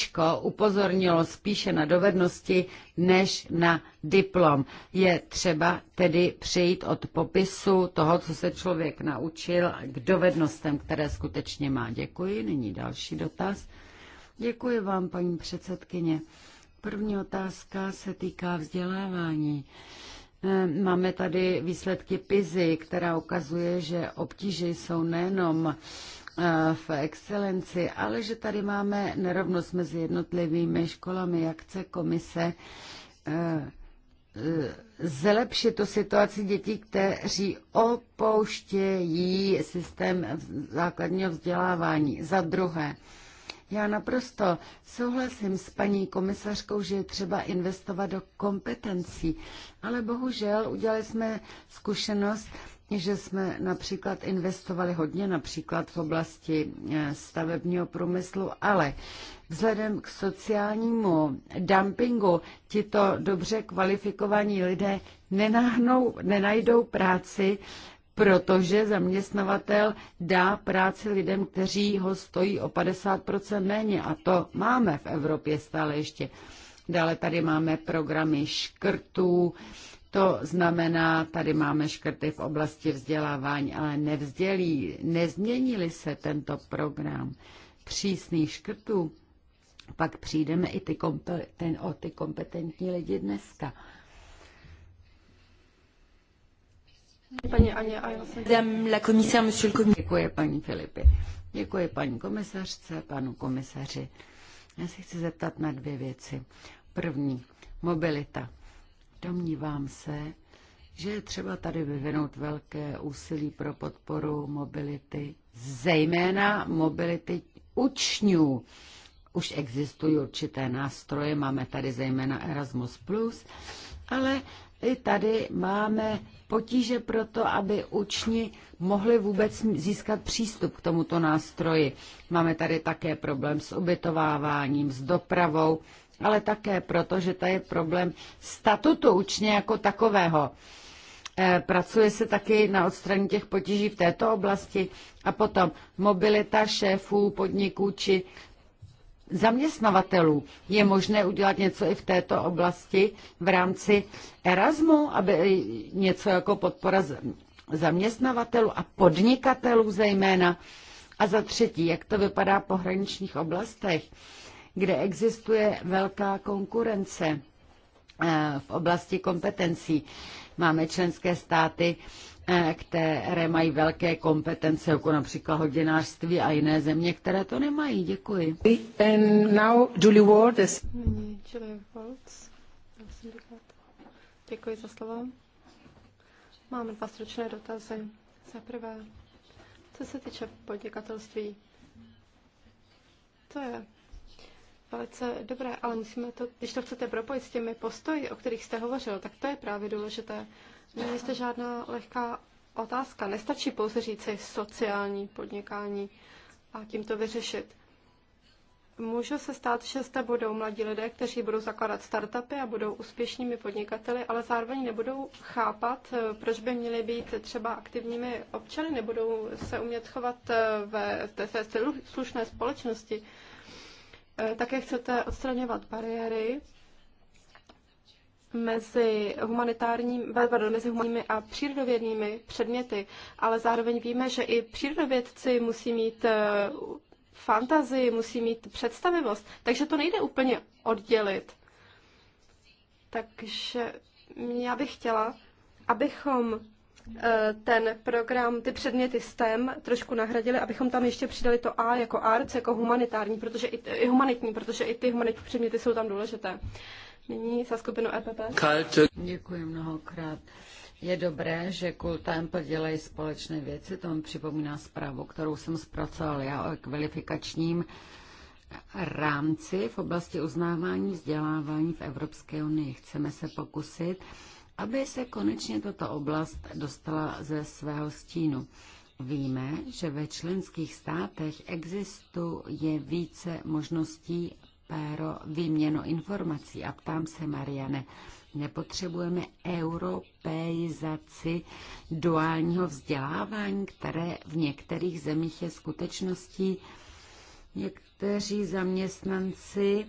upozornilo spíše na dovednosti než na diplom. Je třeba tedy přejít od popisu toho, co se člověk naučil, k dovednostem, které skutečně má. Děkuji. Nyní další dotaz. Děkuji vám, paní předsedkyně. První otázka se týká vzdělávání. Eh, máme tady výsledky PISY, která ukazuje, že obtíže jsou nejenom v excelenci, ale že tady máme nerovnost mezi jednotlivými školami, jak chce komise e, e, zlepšit tu situaci dětí, kteří opouštějí systém základního vzdělávání. Za druhé, já naprosto souhlasím s paní komisařkou, že je třeba investovat do kompetencí, ale bohužel udělali jsme zkušenost, že jsme například investovali hodně například v oblasti eh, stavebního průmyslu, ale vzhledem k sociálnímu dumpingu tito dobře kvalifikovaní lidé nenáhnou, nenajdou práci, protože zaměstnavatel dá práci lidem, kteří ho stojí o 50% méně. A to máme v Evropě stále ještě. Dále tady máme programy škrtů, to znamená, tady máme škrty v oblasti vzdělávání, ale nevzdělí, nezměnili se tento program přísných škrtů, pak přijdeme i ty ten o ty kompetentní lidi dneska. Děkuji, paní Filipy. Děkuji paní komisařce, panu komisaři. Já se chci zeptat na dvě věci. První, mobilita. Domnívám se, že je třeba tady vyvinout velké úsilí pro podporu mobility, zejména mobility učňů. Už existují určité nástroje, máme tady zejména Erasmus+, ale i tady máme potíže pro to, aby učni mohli vůbec získat přístup k tomuto nástroji. Máme tady také problém s ubytováváním, s dopravou ale také proto, že to je problém statutu učně jako takového. Eh, pracuje se taky na odstranění těch potíží v této oblasti a potom mobilita šéfů, podniků či zaměstnavatelů. Je možné udělat něco i v této oblasti v rámci Erasmu, aby něco jako podpora zaměstnavatelů a podnikatelů zejména. A za třetí, jak to vypadá v pohraničních oblastech? kde existuje velká konkurence eh, v oblasti kompetencí. Máme členské státy, eh, které mají velké kompetence, jako například hodinářství a jiné země, které to nemají. Děkuji. And now Julie Děkuji za slovo. Máme dva stručné dotazy. Za prvé, co se týče podnikatelství, to je velice dobré, ale musíme to, když to chcete propojit s těmi postoji, o kterých jste hovořil, tak to je právě důležité. Není zde žádná lehká otázka. Nestačí pouze říci sociální podnikání a tím to vyřešit. Může se stát, že zde budou mladí lidé, kteří budou zakládat startupy a budou úspěšnými podnikateli, ale zároveň nebudou chápat, eh, proč by měli být třeba aktivními občany, nebudou se umět chovat eh, ve té slušné společnosti. Eh, také chcete odstraňovat bariéry mezi, humanitárním, pardon, mezi humanitárními a přírodovědnými předměty, ale zároveň víme, že i přírodovědci musí mít eh, fantazii, musí mít představivost, takže to nejde úplně oddělit. Takže já bych chtěla, abychom Eh, ten program, ty předměty STEM trošku nahradili, abychom tam ještě přidali to A jako arts, jako humanitární, protože i, i humanitní, protože i ty humanitní předměty jsou tam důležité. Nyní za skupinu EPP. Děkuji mnohokrát. Je dobré, že Kultemple dělají společné věci, to mi připomíná zprávu, kterou jsem zpracoval já o kvalifikačním rámci v oblasti uznávání vzdělávání v Evropské unii. Chceme se pokusit aby se konečně tato oblast dostala ze svého stínu. Víme, že ve členských státech existuje více možností pro výměnu informací. A ptám se, Mariane, nepotřebujeme europeizaci duálního vzdělávání, které v některých zemích je skutečností. Někteří zaměstnanci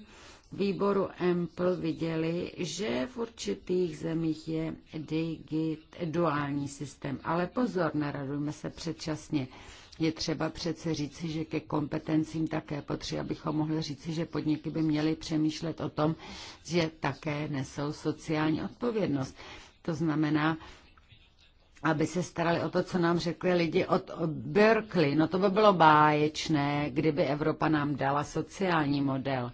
výboru EMPL viděli, že v určitých zemích je digit, duální systém. Ale pozor, neradujme se předčasně. Je třeba přece říci, že ke kompetencím také potří, abychom mohli říci, že podniky by měly přemýšlet o tom, že také nesou sociální odpovědnost. To znamená, aby se starali o to, co nám řekli lidi od Berkeley. No to by bylo báječné, kdyby Evropa nám dala sociální model.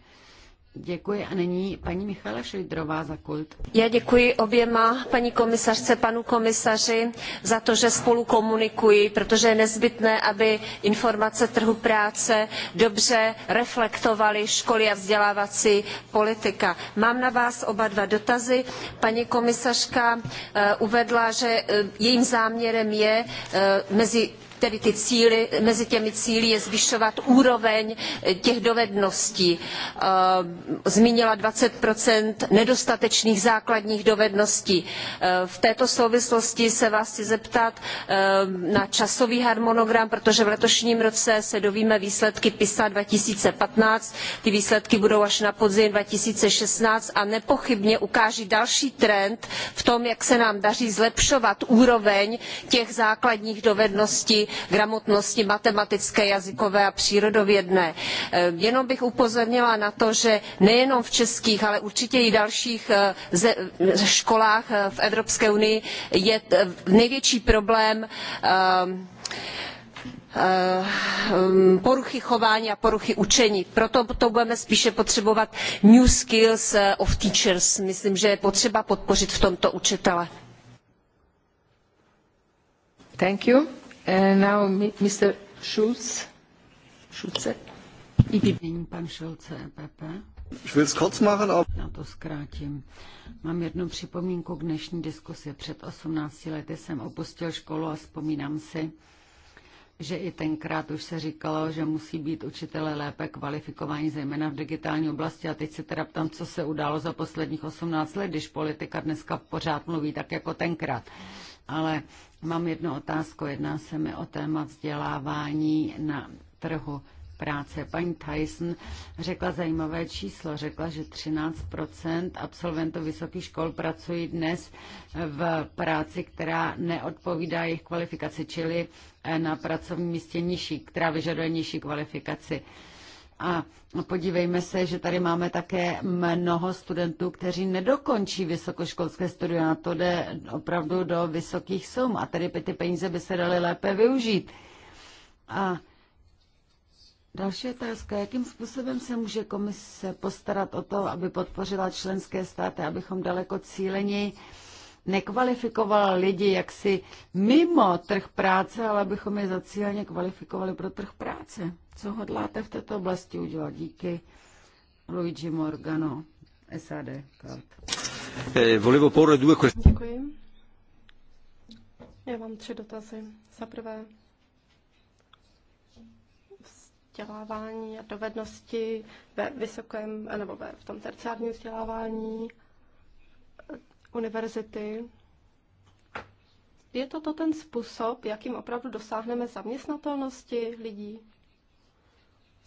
Děkuji a nyní paní Michala Šejdrová za kult. Já děkuji oběma paní komisařce, panu komisaři za to, že spolu komunikují, protože je nezbytné, aby informace trhu práce dobře reflektovaly školy a vzdělávací politika. Mám na vás oba dva dotazy. Paní komisařka eh, uvedla, že eh, jejím záměrem je eh, mezi tedy ty cíly, mezi těmi cíly je zvyšovat úroveň eh, těch dovedností. Eh, zmínila 20 nedostatečných základních dovedností. Eh, v této souvislosti se vás chci zeptat na časový harmonogram, protože v letošním roce se dovíme výsledky PISA 2015. Ty výsledky budou až na podzim 2016 a nepochybně ukáží další trend v tom, jak se nám daří zlepšovat úroveň těch základních dovedností gramotnosti matematické, jazykové a přírodovědné. Eh, jenom bych upozornila na to, že nejenom v českých, ale určitě i dalších eh, školách eh, v Evropské unii je největší problém mm, poruchy chování a poruchy učení. Proto to budeme spíše potřebovat new skills of teachers. Myslím, že je potřeba podpořit v tomto učitele. Thank you. Eh, now Mr. Schulz. Schulze. Nyní pan Schulze, EPP. Ich will kurz machen, aber... Já to zkrátím. Mám jednu připomínku k dnešní diskusi. Před 18 lety jsem opustil školu a vzpomínám si, že i tenkrát už se říkalo, že musí být učitelé lépe kvalifikovaní, zejména v digitální oblasti. A teď se teda ptám, co se událo za posledních 18 let, když politika dneska pořád mluví tak jako tenkrát. Ale Mám jednu otázku, jedná se mi o téma vzdělávání na trhu práce. Paní Tyson řekla zajímavé číslo. Řekla, že 13 absolventů vysokých škol pracují dnes v práci, která neodpovídá jejich kvalifikaci, čili na pracovním místě nižší, která vyžaduje nižší kvalifikaci. A podívejme se, že tady máme také mnoho studentů, kteří nedokončí vysokoškolské studium. a to jde opravdu do vysokých sum a tady ty peníze by se daly lépe využít. A Další otázka. Jakým způsobem se může komise postarat o to, aby podpořila členské státy, abychom daleko cíleněji nekvalifikovala lidi jaksi mimo trh práce, ale abychom je zacíleně kvalifikovali pro trh práce. Co hodláte v této oblasti udělat? Díky Luigi Morgano, SAD. Eh, Děkuji. Já mám tři dotazy. Za prvé, vzdělávání a dovednosti ve vysokém eh, nebo ve, v tom terciárním vzdělávání univerzity. Je toto ten způsob, jakým opravdu dosáhneme zaměstnatelnosti lidí?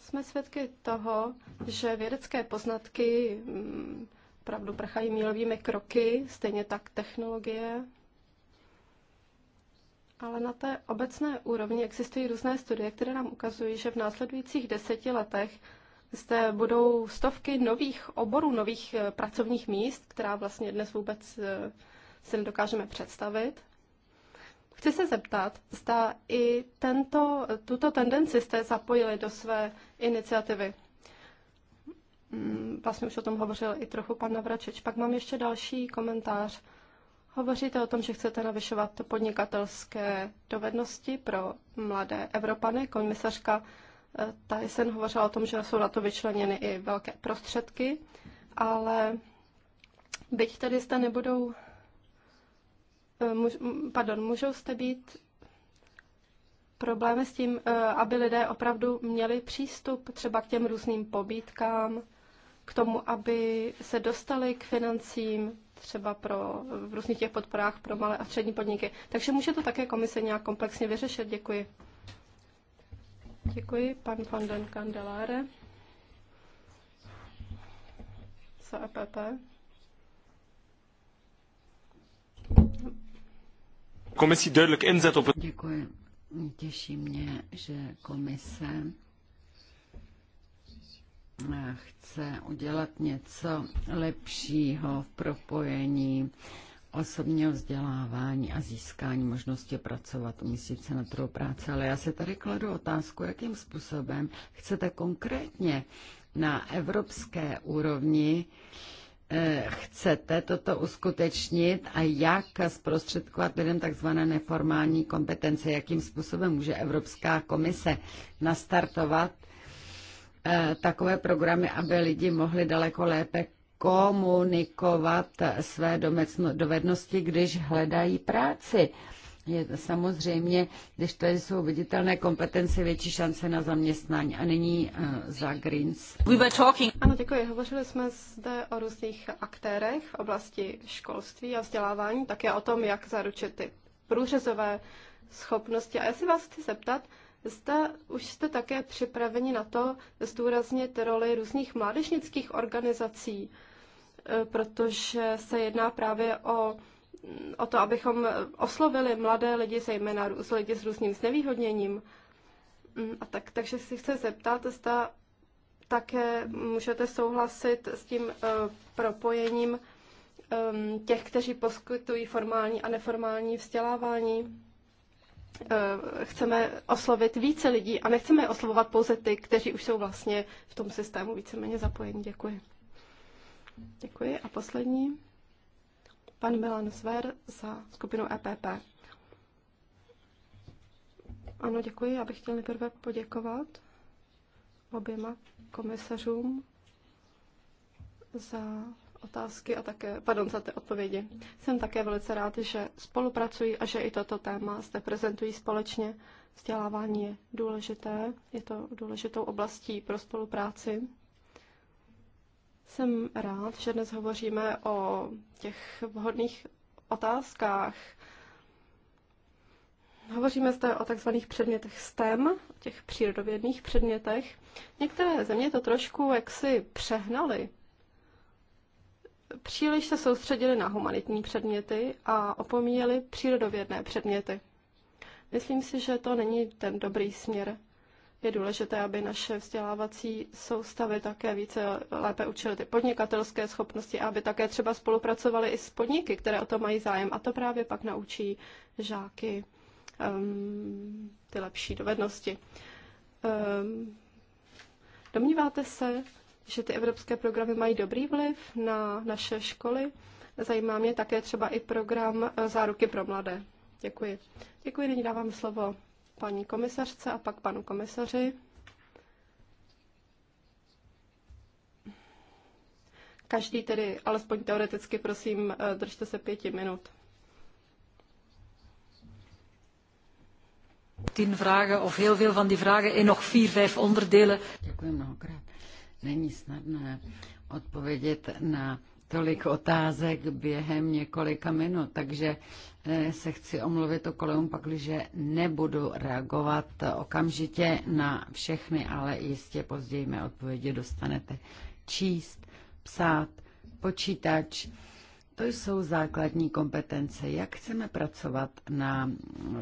Jsme svědky toho, že vědecké poznatky mm, opravdu prchají mílovými kroky, stejně tak technologie. Ale na té obecné úrovni existují různé studie, které nám ukazují, že v následujících deseti letech zde budou stovky nových oborů, nových eh, pracovních míst, která vlastně dnes vůbec eh, si nedokážeme představit. Chci se zeptat, zda i tento, tuto tendenci jste zapojili do své iniciativy. Mm, vlastně už o tom hovořil i trochu pan Navračeč. Pak mám ještě další komentář. Hovoříte o tom, že chcete navyšovat podnikatelské dovednosti pro mladé Evropany. Komisařka Tyson hovořila o tom, že jsou na to vyčleněny i velké prostředky, ale byť tady jste nebudou, eh, pardon, můžou jste být problémy s tím, eh, aby lidé opravdu měli přístup třeba k těm různým pobítkám, k tomu, aby se dostali k financím, třeba pro, v různých těch podporách pro malé a střední podniky. Takže může to také komise nějak komplexně vyřešit. Děkuji. Děkuji, pan van den Candelare za EPP. Komisí duidelijk inzet op... Děkuji. Těší mě, že komise eh, chce udělat něco lepšího v propojení osobního vzdělávání a získání možnosti pracovat, umístit se na trhu práce. Ale já se tady kladu otázku, jakým způsobem chcete konkrétně na evropské úrovni eh, chcete toto uskutečnit a jak zprostředkovat lidem takzvané neformální kompetence, jakým způsobem může Evropská komise nastartovat eh, takové programy, aby lidi mohli daleko lépe komunikovat své dovednosti, když hledají práci. Je, samozřejmě, když tady jsou viditelné kompetence, větší šance na zaměstnání. A nyní uh, za Greens. We were talking. Ano, děkuji. Hovořili jsme zde o různých aktérech v oblasti školství a vzdělávání, také o tom, jak zaručit ty průřezové schopnosti. A já si vás chci zeptat, Zda už jste také připraveni na to zdůraznit roli různých mládežnických organizací, protože se jedná právě o, o to, abychom oslovili mladé lidi, zejména lidi s různým znevýhodněním. Mm, a tak, takže si chci zeptat, zda také můžete souhlasit s tím eh, propojením ehm, těch, kteří poskytují formální a neformální vzdělávání. Eh, chceme oslovit více lidí a nechceme oslovovat pouze ty, kteří už jsou vlastně v tom systému víceméně zapojeni. Děkuji. Děkuji. A poslední, pan Milan Zver za skupinu EPP. Ano, děkuji. Já bych chtěl nejprve poděkovat oběma komisařům za otázky a také, pardon, za ty odpovědi. Jsem také velice rád, že spolupracují a že i toto téma zde prezentují společně. Vzdělávání je důležité, je to důležitou oblastí pro spolupráci. Jsem rád, že dnes hovoříme o těch vhodných otázkách. Hovoříme zde o takzvaných předmětech STEM, o těch přírodovědných předmětech. Některé země to trošku jaksi přehnaly. Příliš se soustředili na humanitní předměty a opomíjeli přírodovědné předměty. Myslím si, že to není ten dobrý směr je důležité, aby naše vzdělávací soustavy také více lépe učily ty podnikatelské schopnosti a aby také třeba spolupracovaly i s podniky, které o to mají zájem. A to právě pak naučí žáky um, ty lepší dovednosti. Um, domníváte se, že ty evropské programy mají dobrý vliv na naše školy? Zajímá mě také třeba i program e, záruky pro mladé. Děkuji. Děkuji, nyní dávám slovo paní komisařce a pak panu komisaři. Každý tedy, alespoň teoreticky, prosím, eh, držte se pěti minut. Tien vragen of heel veel van die vragen in nog vier, vijf onderdelen. Děkuji mnohokrát. Není snadné odpovědět na tolik otázek během několika minut, takže Eh, se chci omluvit o kolegům, pakliže nebudu reagovat okamžitě na všechny, ale jistě později mé odpovědi dostanete číst, psát, počítač. To jsou základní kompetence. Jak chceme pracovat na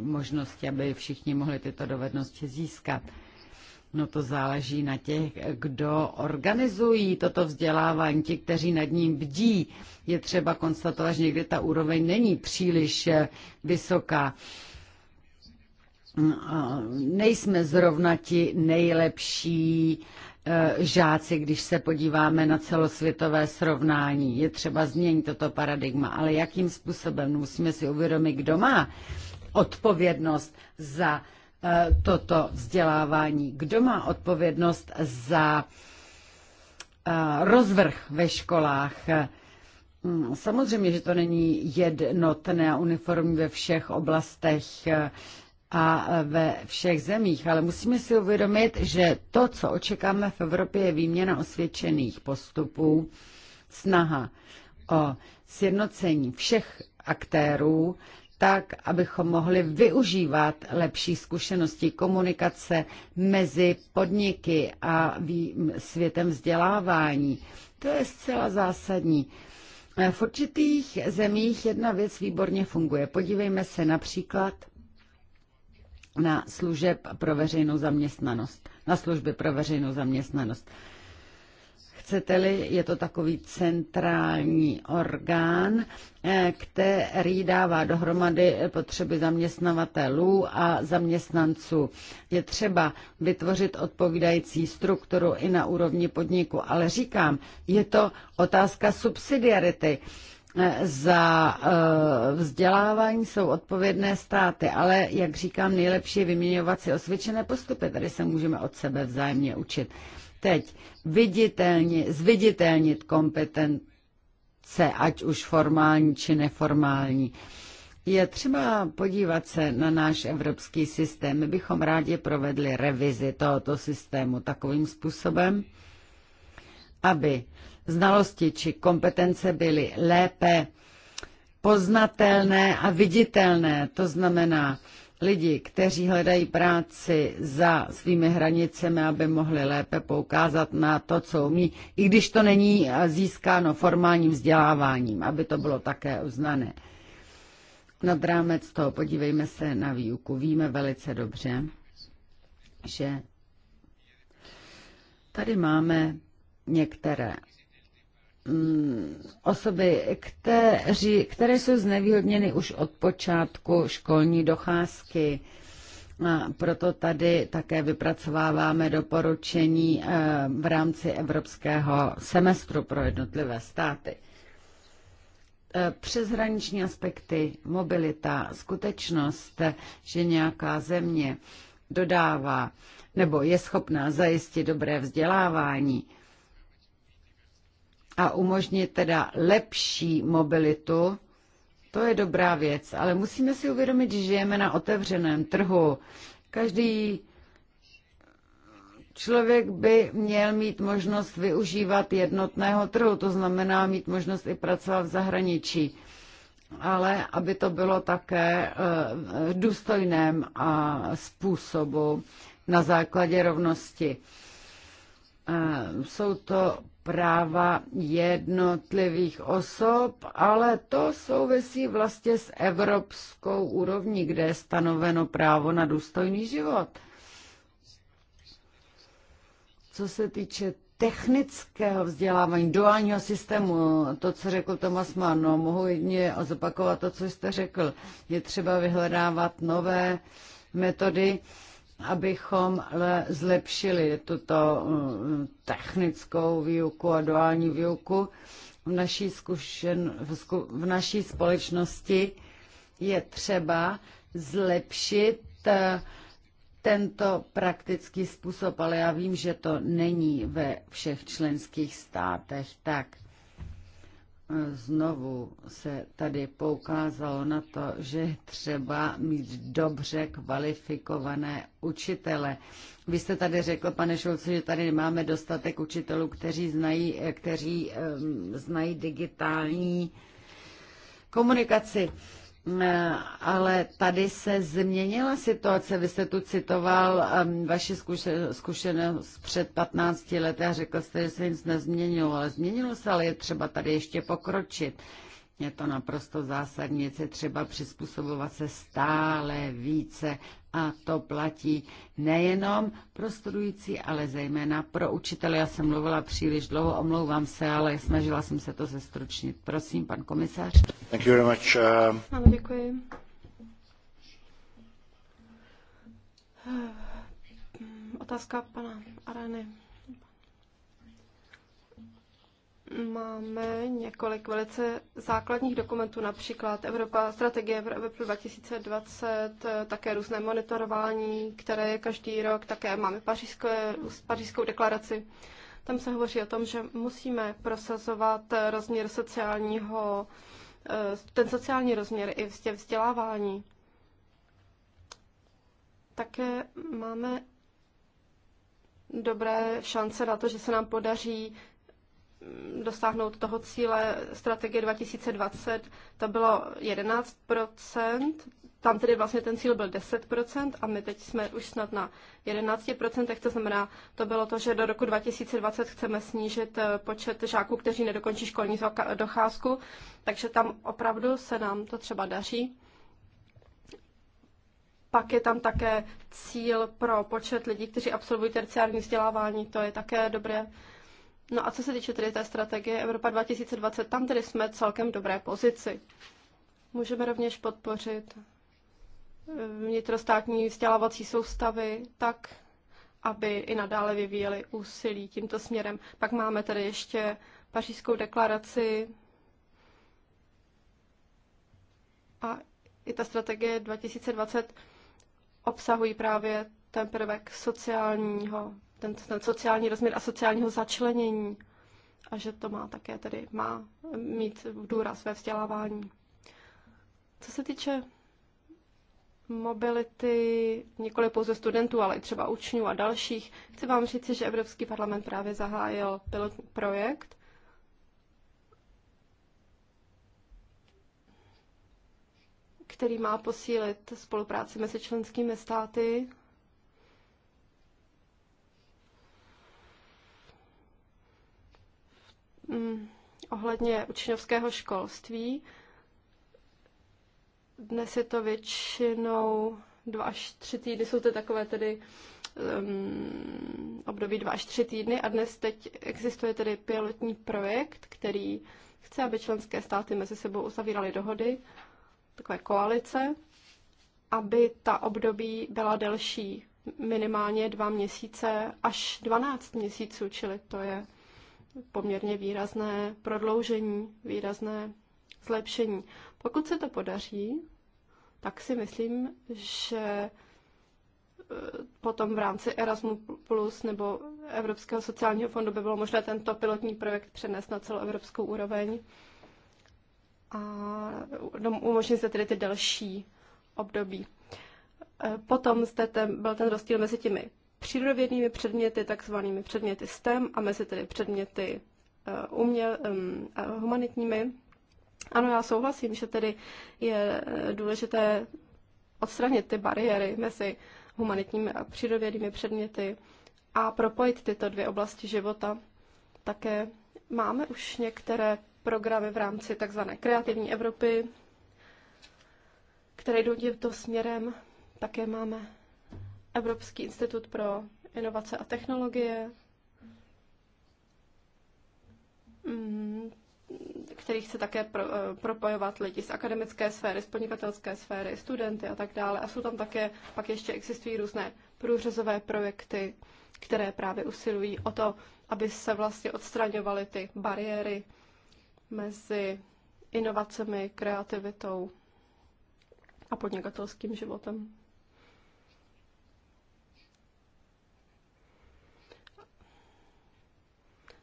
možnosti, aby všichni mohli tyto dovednosti získat? No to záleží na těch, kdo organizují toto vzdělávání, ti, kteří nad ním bdí. Je třeba konstatovat, že někdy ta úroveň není příliš eh, vysoká. Mm, nejsme zrovna ti nejlepší eh, žáci, když se podíváme na celosvětové srovnání. Je třeba změnit toto paradigma, ale jakým způsobem? No musíme si uvědomit, kdo má odpovědnost za Eh, toto vzdělávání? Kdo má odpovědnost za eh, rozvrh ve školách? Mm, samozřejmě, že to není jednotné a uniformní ve všech oblastech eh, a ve všech zemích, ale musíme si uvědomit, že to, co očekáme v Evropě, je výměna osvědčených postupů, snaha o sjednocení všech aktérů tak, abychom mohli využívat lepší zkušenosti komunikace mezi podniky a světem vzdělávání. To je zcela zásadní. V určitých zemích jedna věc výborně funguje. Podívejme se například na služeb pro veřejnou zaměstnanost, na služby pro veřejnou zaměstnanost. Chcete-li, je to takový centrální orgán, eh, který dává dohromady potřeby zaměstnavatelů a zaměstnanců. Je třeba vytvořit odpovídající strukturu i na úrovni podniku, ale říkám, je to otázka subsidiarity eh, za eh, vzdělávání jsou odpovědné státy, ale, jak říkám, nejlepší je vyměňovat si osvědčené postupy. Tady se můžeme od sebe vzájemně učit teď viditelně, zviditelnit kompetence, ať už formální či neformální. Je třeba podívat se na náš evropský systém. My bychom rádi provedli revizi tohoto systému takovým způsobem, aby znalosti či kompetence byly lépe poznatelné a viditelné. To znamená, lidi, kteří hledají práci za svými hranicemi, aby mohli lépe poukázat na to, co umí, i když to není eh, získáno formálním vzděláváním, aby to bylo také uznané. Nad rámec toho podívejme se na výuku. Víme velice dobře, že tady máme některé Mm, osoby, kteří, které jsou znevýhodněny už od počátku školní docházky. A proto tady také vypracováváme doporučení eh, v rámci evropského semestru pro jednotlivé státy. Eh, přeshraniční aspekty, mobilita, skutečnost, že nějaká země dodává nebo je schopná zajistit dobré vzdělávání, a umožnit teda lepší mobilitu, to je dobrá věc. Ale musíme si uvědomit, že žijeme na otevřeném trhu. Každý člověk by měl mít možnost využívat jednotného trhu, to znamená mít možnost i pracovat v zahraničí, ale aby to bylo také eh, v důstojném a způsobu na základě rovnosti. Eh, jsou to práva jednotlivých osob, ale to souvisí vlastně s evropskou úrovní, kde je stanoveno právo na důstojný život. Co se týče technického vzdělávání, duálního systému, to, co řekl Tomas Mann, no, mohu jedině zopakovat to, co jste řekl. Je třeba vyhledávat nové metody, abychom zlepšili tuto mm, technickou výuku a duální výuku v naší, zkušen, v naší společnosti je třeba zlepšit eh, tento praktický způsob, ale já vím, že to není ve všech členských státech tak. Znovu se tady poukázalo na to, že třeba mít dobře kvalifikované učitele. Vy jste tady řekl, pane Šulci, že tady máme dostatek učitelů, kteří znají, kteří, um, znají digitální komunikaci. Uh, Eh, ale tady se změnila situace. Vy jste tu citoval um, vaši zkušenost před 15 lety a řekl jste, že se nic nezměnilo, ale změnilo se, ale je třeba tady ještě pokročit. Uh, je to naprosto zásadní, je třeba přizpůsobovat se stále více a to platí nejenom pro studující, ale zejména pro učitele. Já jsem mluvila příliš dlouho, omlouvám se, ale snažila jsem se to zestručnit. Prosím, pan komisař. Thank you very much. Uh, ano, děkuji. Otázka pana Arany. Máme několik velice základních dokumentů, například Evropa, strategie pro Evropu 2020, eh, také různé monitorování, které je každý rok, také máme pařížskou deklaraci. Tam se hovoří o tom, že musíme prosazovat eh, rozměr sociálního, eh, ten sociální rozměr i vzdělávání. Také máme dobré šance na to, že se nám podaří dosáhnout toho cíle strategie 2020, to bylo 11 tam tedy vlastně ten cíl byl 10% a my teď jsme už snad na 11%, to znamená, to bylo to, že do roku 2020 chceme snížit eh, počet žáků, kteří nedokončí školní docházku, takže tam opravdu se nám to třeba daří. Pak je tam také cíl pro počet lidí, kteří absolvují terciární vzdělávání, to je také dobré, No a co se týče tedy té strategie Evropa 2020, tam tedy jsme celkem dobré pozici. Můžeme rovněž podpořit eh, vnitrostátní vzdělávací soustavy tak, aby i nadále vyvíjeli úsilí tímto směrem. Pak máme tedy ještě pařížskou deklaraci a i ta strategie 2020 obsahují právě ten prvek sociálního ten, ten sociální rozměr a sociálního začlenění a že to má také tedy má mít důraz ve vzdělávání. Co se týče mobility nikoli pouze studentů, ale i třeba učňů a dalších, chci vám říct, že Evropský parlament právě zahájil pilotní projekt, který má posílit spolupráci mezi členskými státy mm, ohledně učňovského školství. Dnes je to většinou dva až tři týdny, jsou to takové tedy um, období dva až tři týdny a dnes teď existuje tedy pilotní projekt, který chce, aby členské státy mezi sebou uzavíraly dohody, takové koalice, aby ta období byla delší, minimálně dva měsíce až 12 měsíců, čili to je poměrně výrazné prodloužení, výrazné zlepšení. Pokud se to podaří, tak si myslím, že eh, potom v rámci Erasmus Plus nebo Evropského sociálního fondu by bylo možné tento pilotní projekt přenést na celou evropskou úroveň a umožnit se tedy ty další období. Eh, potom zde ten, byl ten rozdíl mezi těmi přírodovědnými předměty, takzvanými předměty STEM a mezi tedy předměty eh, uměl, um, humanitními. Ano, já souhlasím, že tedy je eh, důležité odstranit ty bariéry mezi humanitními a přírodovědnými předměty a propojit tyto dvě oblasti života. Také máme už některé programy v rámci tzv. kreativní Evropy, které jdou tímto směrem. Také máme Evropský institut pro inovace a technologie, mm, který chce také pro, eh, propojovat lidi z akademické sféry, z podnikatelské sféry, studenty a tak dále. A jsou tam také, pak ještě existují různé průřezové projekty, které právě usilují o to, aby se vlastně odstraňovaly ty bariéry mezi inovacemi, kreativitou a podnikatelským životem.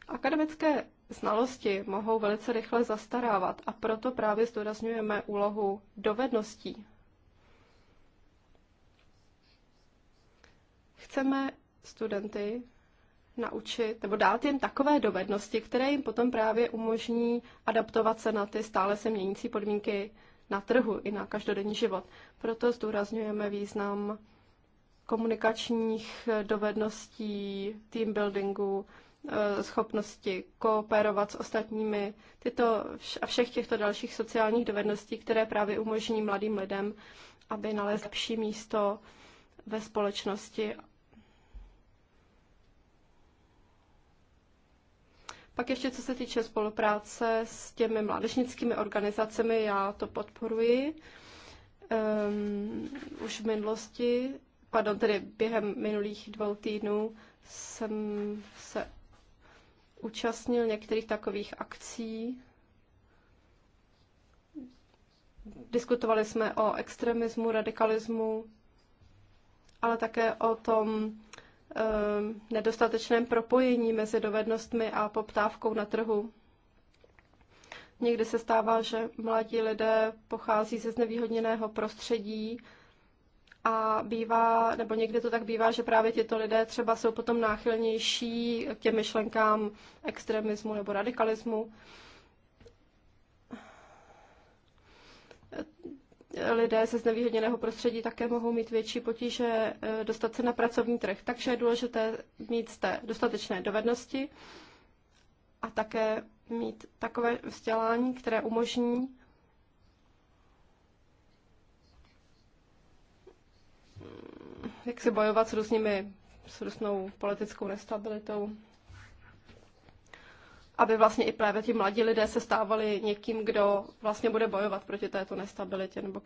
Akademické znalosti mohou velice rychle zastarávat a proto právě zdůrazňujeme úlohu dovedností. Chceme studenty naučit nebo dát jim takové dovednosti, které jim potom právě umožní adaptovat se na ty stále se měnící podmínky na trhu i na každodenní život. Proto zdůrazňujeme význam komunikačních dovedností, team buildingu, Eh, schopnosti kooperovat s ostatními tyto a všech těchto dalších sociálních dovedností, které právě umožní mladým lidem, aby nalezli lepší místo ve společnosti. Pak ještě co se týče spolupráce s těmi mládežnickými organizacemi, já to podporuji. Um, už v minulosti, pardon, tedy během minulých dvou týdnů jsem se účastnil některých takových akcí. Diskutovali jsme o extremismu, radikalismu, ale také o tom e, nedostatečném propojení mezi dovednostmi a poptávkou na trhu. Někdy se stává, že mladí lidé pochází ze znevýhodněného prostředí, a bývá, nebo někdy to tak bývá, že právě tyto lidé třeba jsou potom náchylnější k těm myšlenkám extremismu nebo radikalismu. Lidé ze znevýhodněného prostředí také mohou mít větší potíže eh, dostat se na pracovní trh, takže je důležité mít té dostatečné dovednosti a také mít takové vzdělání, které umožní jak se bojovat s různými, s různou politickou nestabilitou, aby vlastně i právě ti mladí lidé se stávali někým, kdo vlastně bude bojovat proti této nestabilitě. Nebo...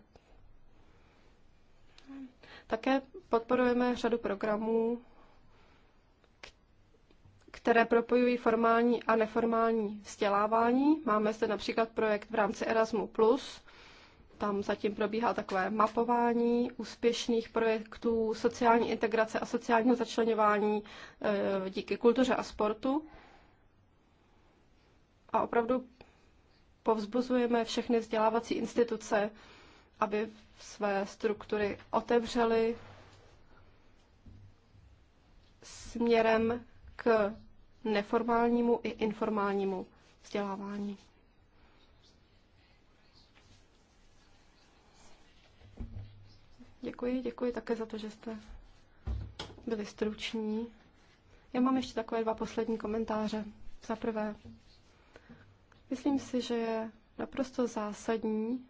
Také podporujeme řadu programů, které propojují formální a neformální vzdělávání. Máme zde například projekt v rámci Erasmu+, tam zatím probíhá takové mapování úspěšných projektů sociální integrace a sociálního začlenování eh, díky kultuře a sportu. A opravdu povzbuzujeme všechny vzdělávací instituce, aby své struktury otevřely směrem k neformálnímu i informálnímu vzdělávání. Děkuji, děkuji také za to, že jste byli struční. Já mám ještě takové dva poslední komentáře. Za prvé, myslím si, že je naprosto zásadní,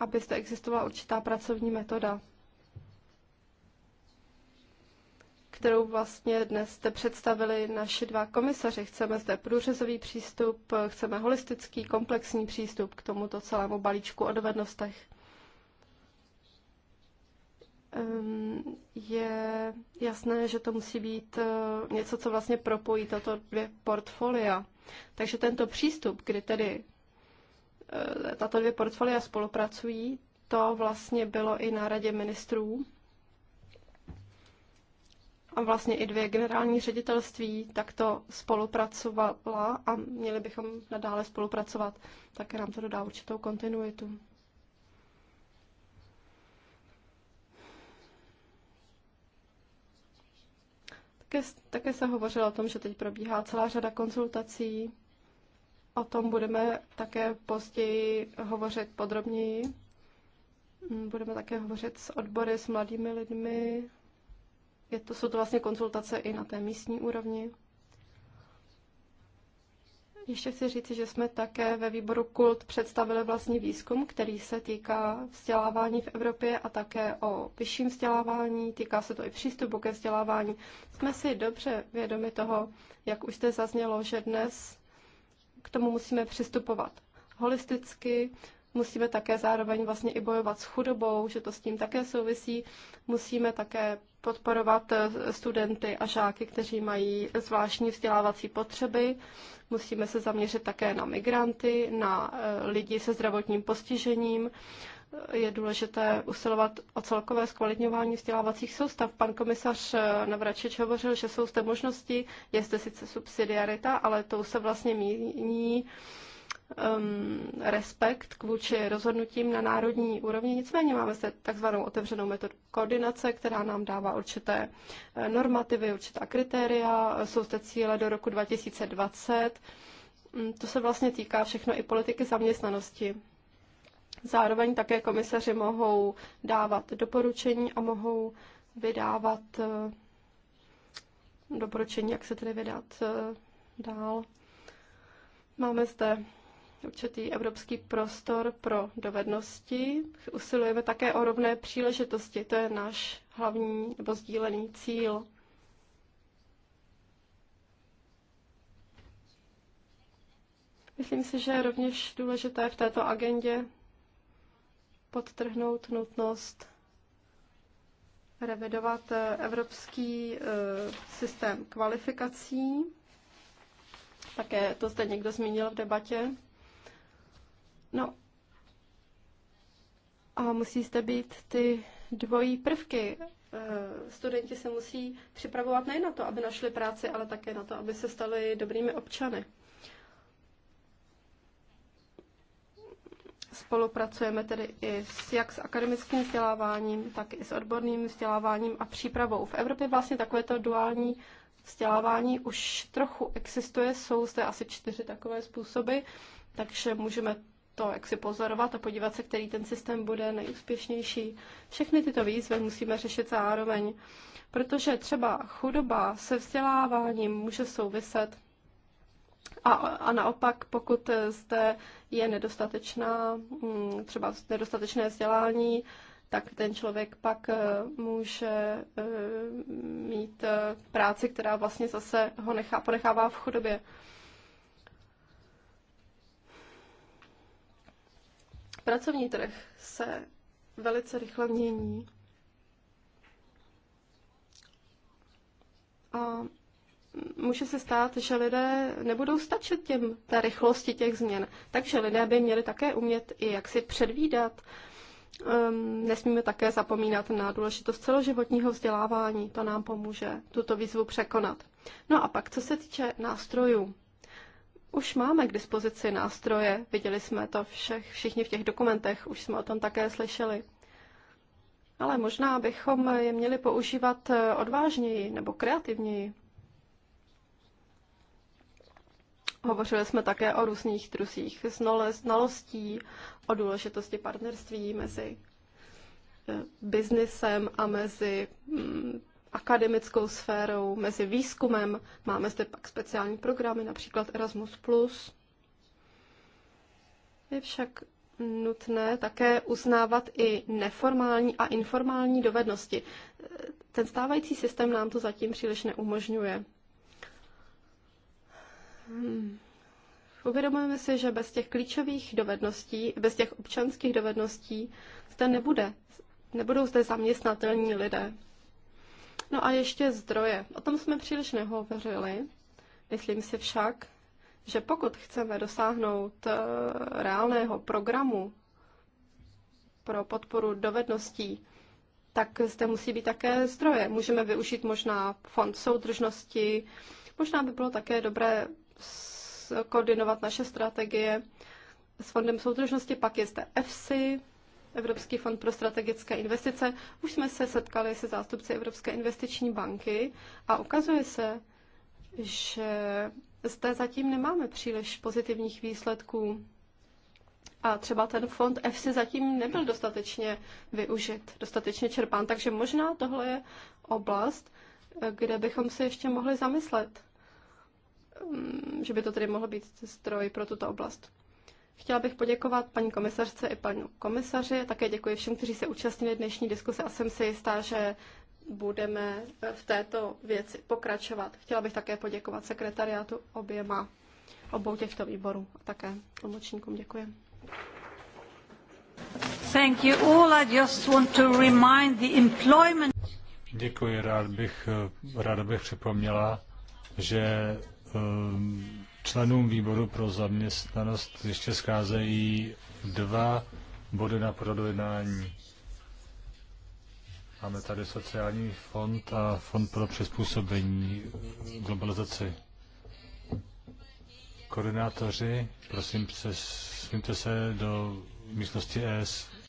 aby zde existovala určitá pracovní metoda, kterou vlastně dnes jste představili naši dva komisaři. Chceme zde průřezový přístup, chceme holistický, komplexní přístup k tomuto celému balíčku o dovednostech. Ehm, je jasné, že to musí být eh, něco, co vlastně propojí tato dvě portfolia. Takže tento přístup, kdy tedy eh, tato dvě portfolia spolupracují, to vlastně bylo i na radě ministrů. A vlastně i dvě generální ředitelství takto spolupracovala a měli bychom nadále spolupracovat. tak nám to dodá určitou kontinuitu. Také, také se hovořilo o tom, že teď probíhá celá řada konzultací. O tom budeme také později hovořit podrobněji. Mm, budeme také hovořit s odbory, s mladými lidmi. Je to, jsou to vlastně konzultace i na té místní úrovni. Ještě chci říct, že jsme také ve výboru KULT představili vlastní výzkum, který se týká vzdělávání v Evropě a také o vyšším vzdělávání, týká se to i přístupu ke vzdělávání. Jsme si dobře vědomi toho, jak už zde zaznělo, že dnes k tomu musíme přistupovat holisticky, musíme také zároveň vlastně i bojovat s chudobou, že to s tím také souvisí. Musíme také podporovat eh, studenty a žáky, kteří mají zvláštní vzdělávací potřeby. Musíme se zaměřit také na migranty, na eh, lidi se zdravotním postižením. Eh, je důležité usilovat o celkové zkvalitňování vzdělávacích soustav. Pan komisař Navračič hovořil, že jsou zde možnosti, je zde sice subsidiarita, ale tou se vlastně míní um, respekt k vůči rozhodnutím na národní úrovni. Nicméně máme se takzvanou otevřenou metodu koordinace, která nám dává určité eh, normativy, určitá kritéria. Jsou zde cíle do roku 2020. Mm, to se vlastně týká všechno i politiky zaměstnanosti. Zároveň také komisaři mohou dávat doporučení a mohou vydávat eh, doporučení, jak se tedy vydat eh, dál. Máme zde určitý evropský prostor pro dovednosti. Usilujeme také o rovné příležitosti, to je náš hlavní nebo sdílený cíl. Myslím si, že je rovněž důležité v této agendě podtrhnout nutnost revidovat eh, evropský eh, systém kvalifikací. Také to zde někdo zmínil v debatě. No a musí zde být ty dvojí prvky. Eh, studenti se musí připravovat nejen na to, aby našli práci, ale také na to, aby se stali dobrými občany. Spolupracujeme tedy i s, jak s akademickým vzděláváním, tak i s odborným vzděláváním a přípravou. V Evropě vlastně takovéto duální vzdělávání už trochu existuje, jsou zde asi čtyři takové způsoby, takže můžeme to jak si pozorovat a podívat se, který ten systém bude nejúspěšnější. Všechny tyto výzvy musíme řešit zároveň, protože třeba chudoba se vzděláváním může souviset a, a naopak, pokud zde je nedostatečná, mm, třeba nedostatečné vzdělání, tak ten člověk pak eh, může eh, mít eh, práci, která vlastně zase ho nechá, ponechává v chudobě. Pracovní trh se velice rychle mění. A může se stát, že lidé nebudou stačit těm té rychlosti těch změn. Takže lidé by měli také umět i jak si předvídat. Um, nesmíme také zapomínat na důležitost celoživotního vzdělávání. To nám pomůže tuto výzvu překonat. No a pak, co se týče nástrojů. Už máme k dispozici nástroje, viděli jsme to všech, všichni v těch dokumentech, už jsme o tom také slyšeli. Ale možná bychom je měli používat eh, odvážněji nebo kreativněji. Hovořili jsme také o různých trusích znalostí, o důležitosti partnerství mezi eh, biznesem a mezi mm, akademickou sférou, mezi výzkumem. Máme zde pak speciální programy, například Erasmus+. Je však nutné také uznávat i neformální a informální dovednosti. Ten stávající systém nám to zatím příliš neumožňuje. Hmm. Uvědomujeme si, že bez těch klíčových dovedností, bez těch občanských dovedností zde nebude, nebudou zde zaměstnatelní lidé. No a ještě zdroje. O tom jsme příliš nehovořili. Myslím si však, že pokud chceme dosáhnout eh, reálného programu pro podporu dovedností, tak zde musí být také zdroje. Můžeme využít možná fond soudržnosti, možná by bylo také dobré koordinovat naše strategie s fondem soudržnosti, pak je zde EFSI, Evropský fond pro strategické investice. Už jsme se setkali se zástupci Evropské investiční banky a ukazuje se, že zde zatím nemáme příliš pozitivních výsledků. A třeba ten fond EFSI zatím nebyl dostatečně využit, dostatečně čerpán. Takže možná tohle je oblast, kde bychom se ještě mohli zamyslet, mm, že by to tedy mohl být stroj pro tuto oblast. Chtěla bych poděkovat paní komisařce i panu komisaři. Také děkuji všem, kteří se účastnili dnešní diskuse a jsem si jistá, že budeme v této věci pokračovat. Chtěla bych také poděkovat sekretariátu oběma, obou těchto výborů a také tlumočníkům děkuji. Thank you all. I just want to remind the employment... Děkuji, rád bych, rád bych připomněla, že um, Členům výboru pro zaměstnanost ještě scházejí dva body na pořadu Máme tady sociální fond a fond pro přizpůsobení globalizaci. Koordinátoři, prosím, přesuňte se do místnosti e S.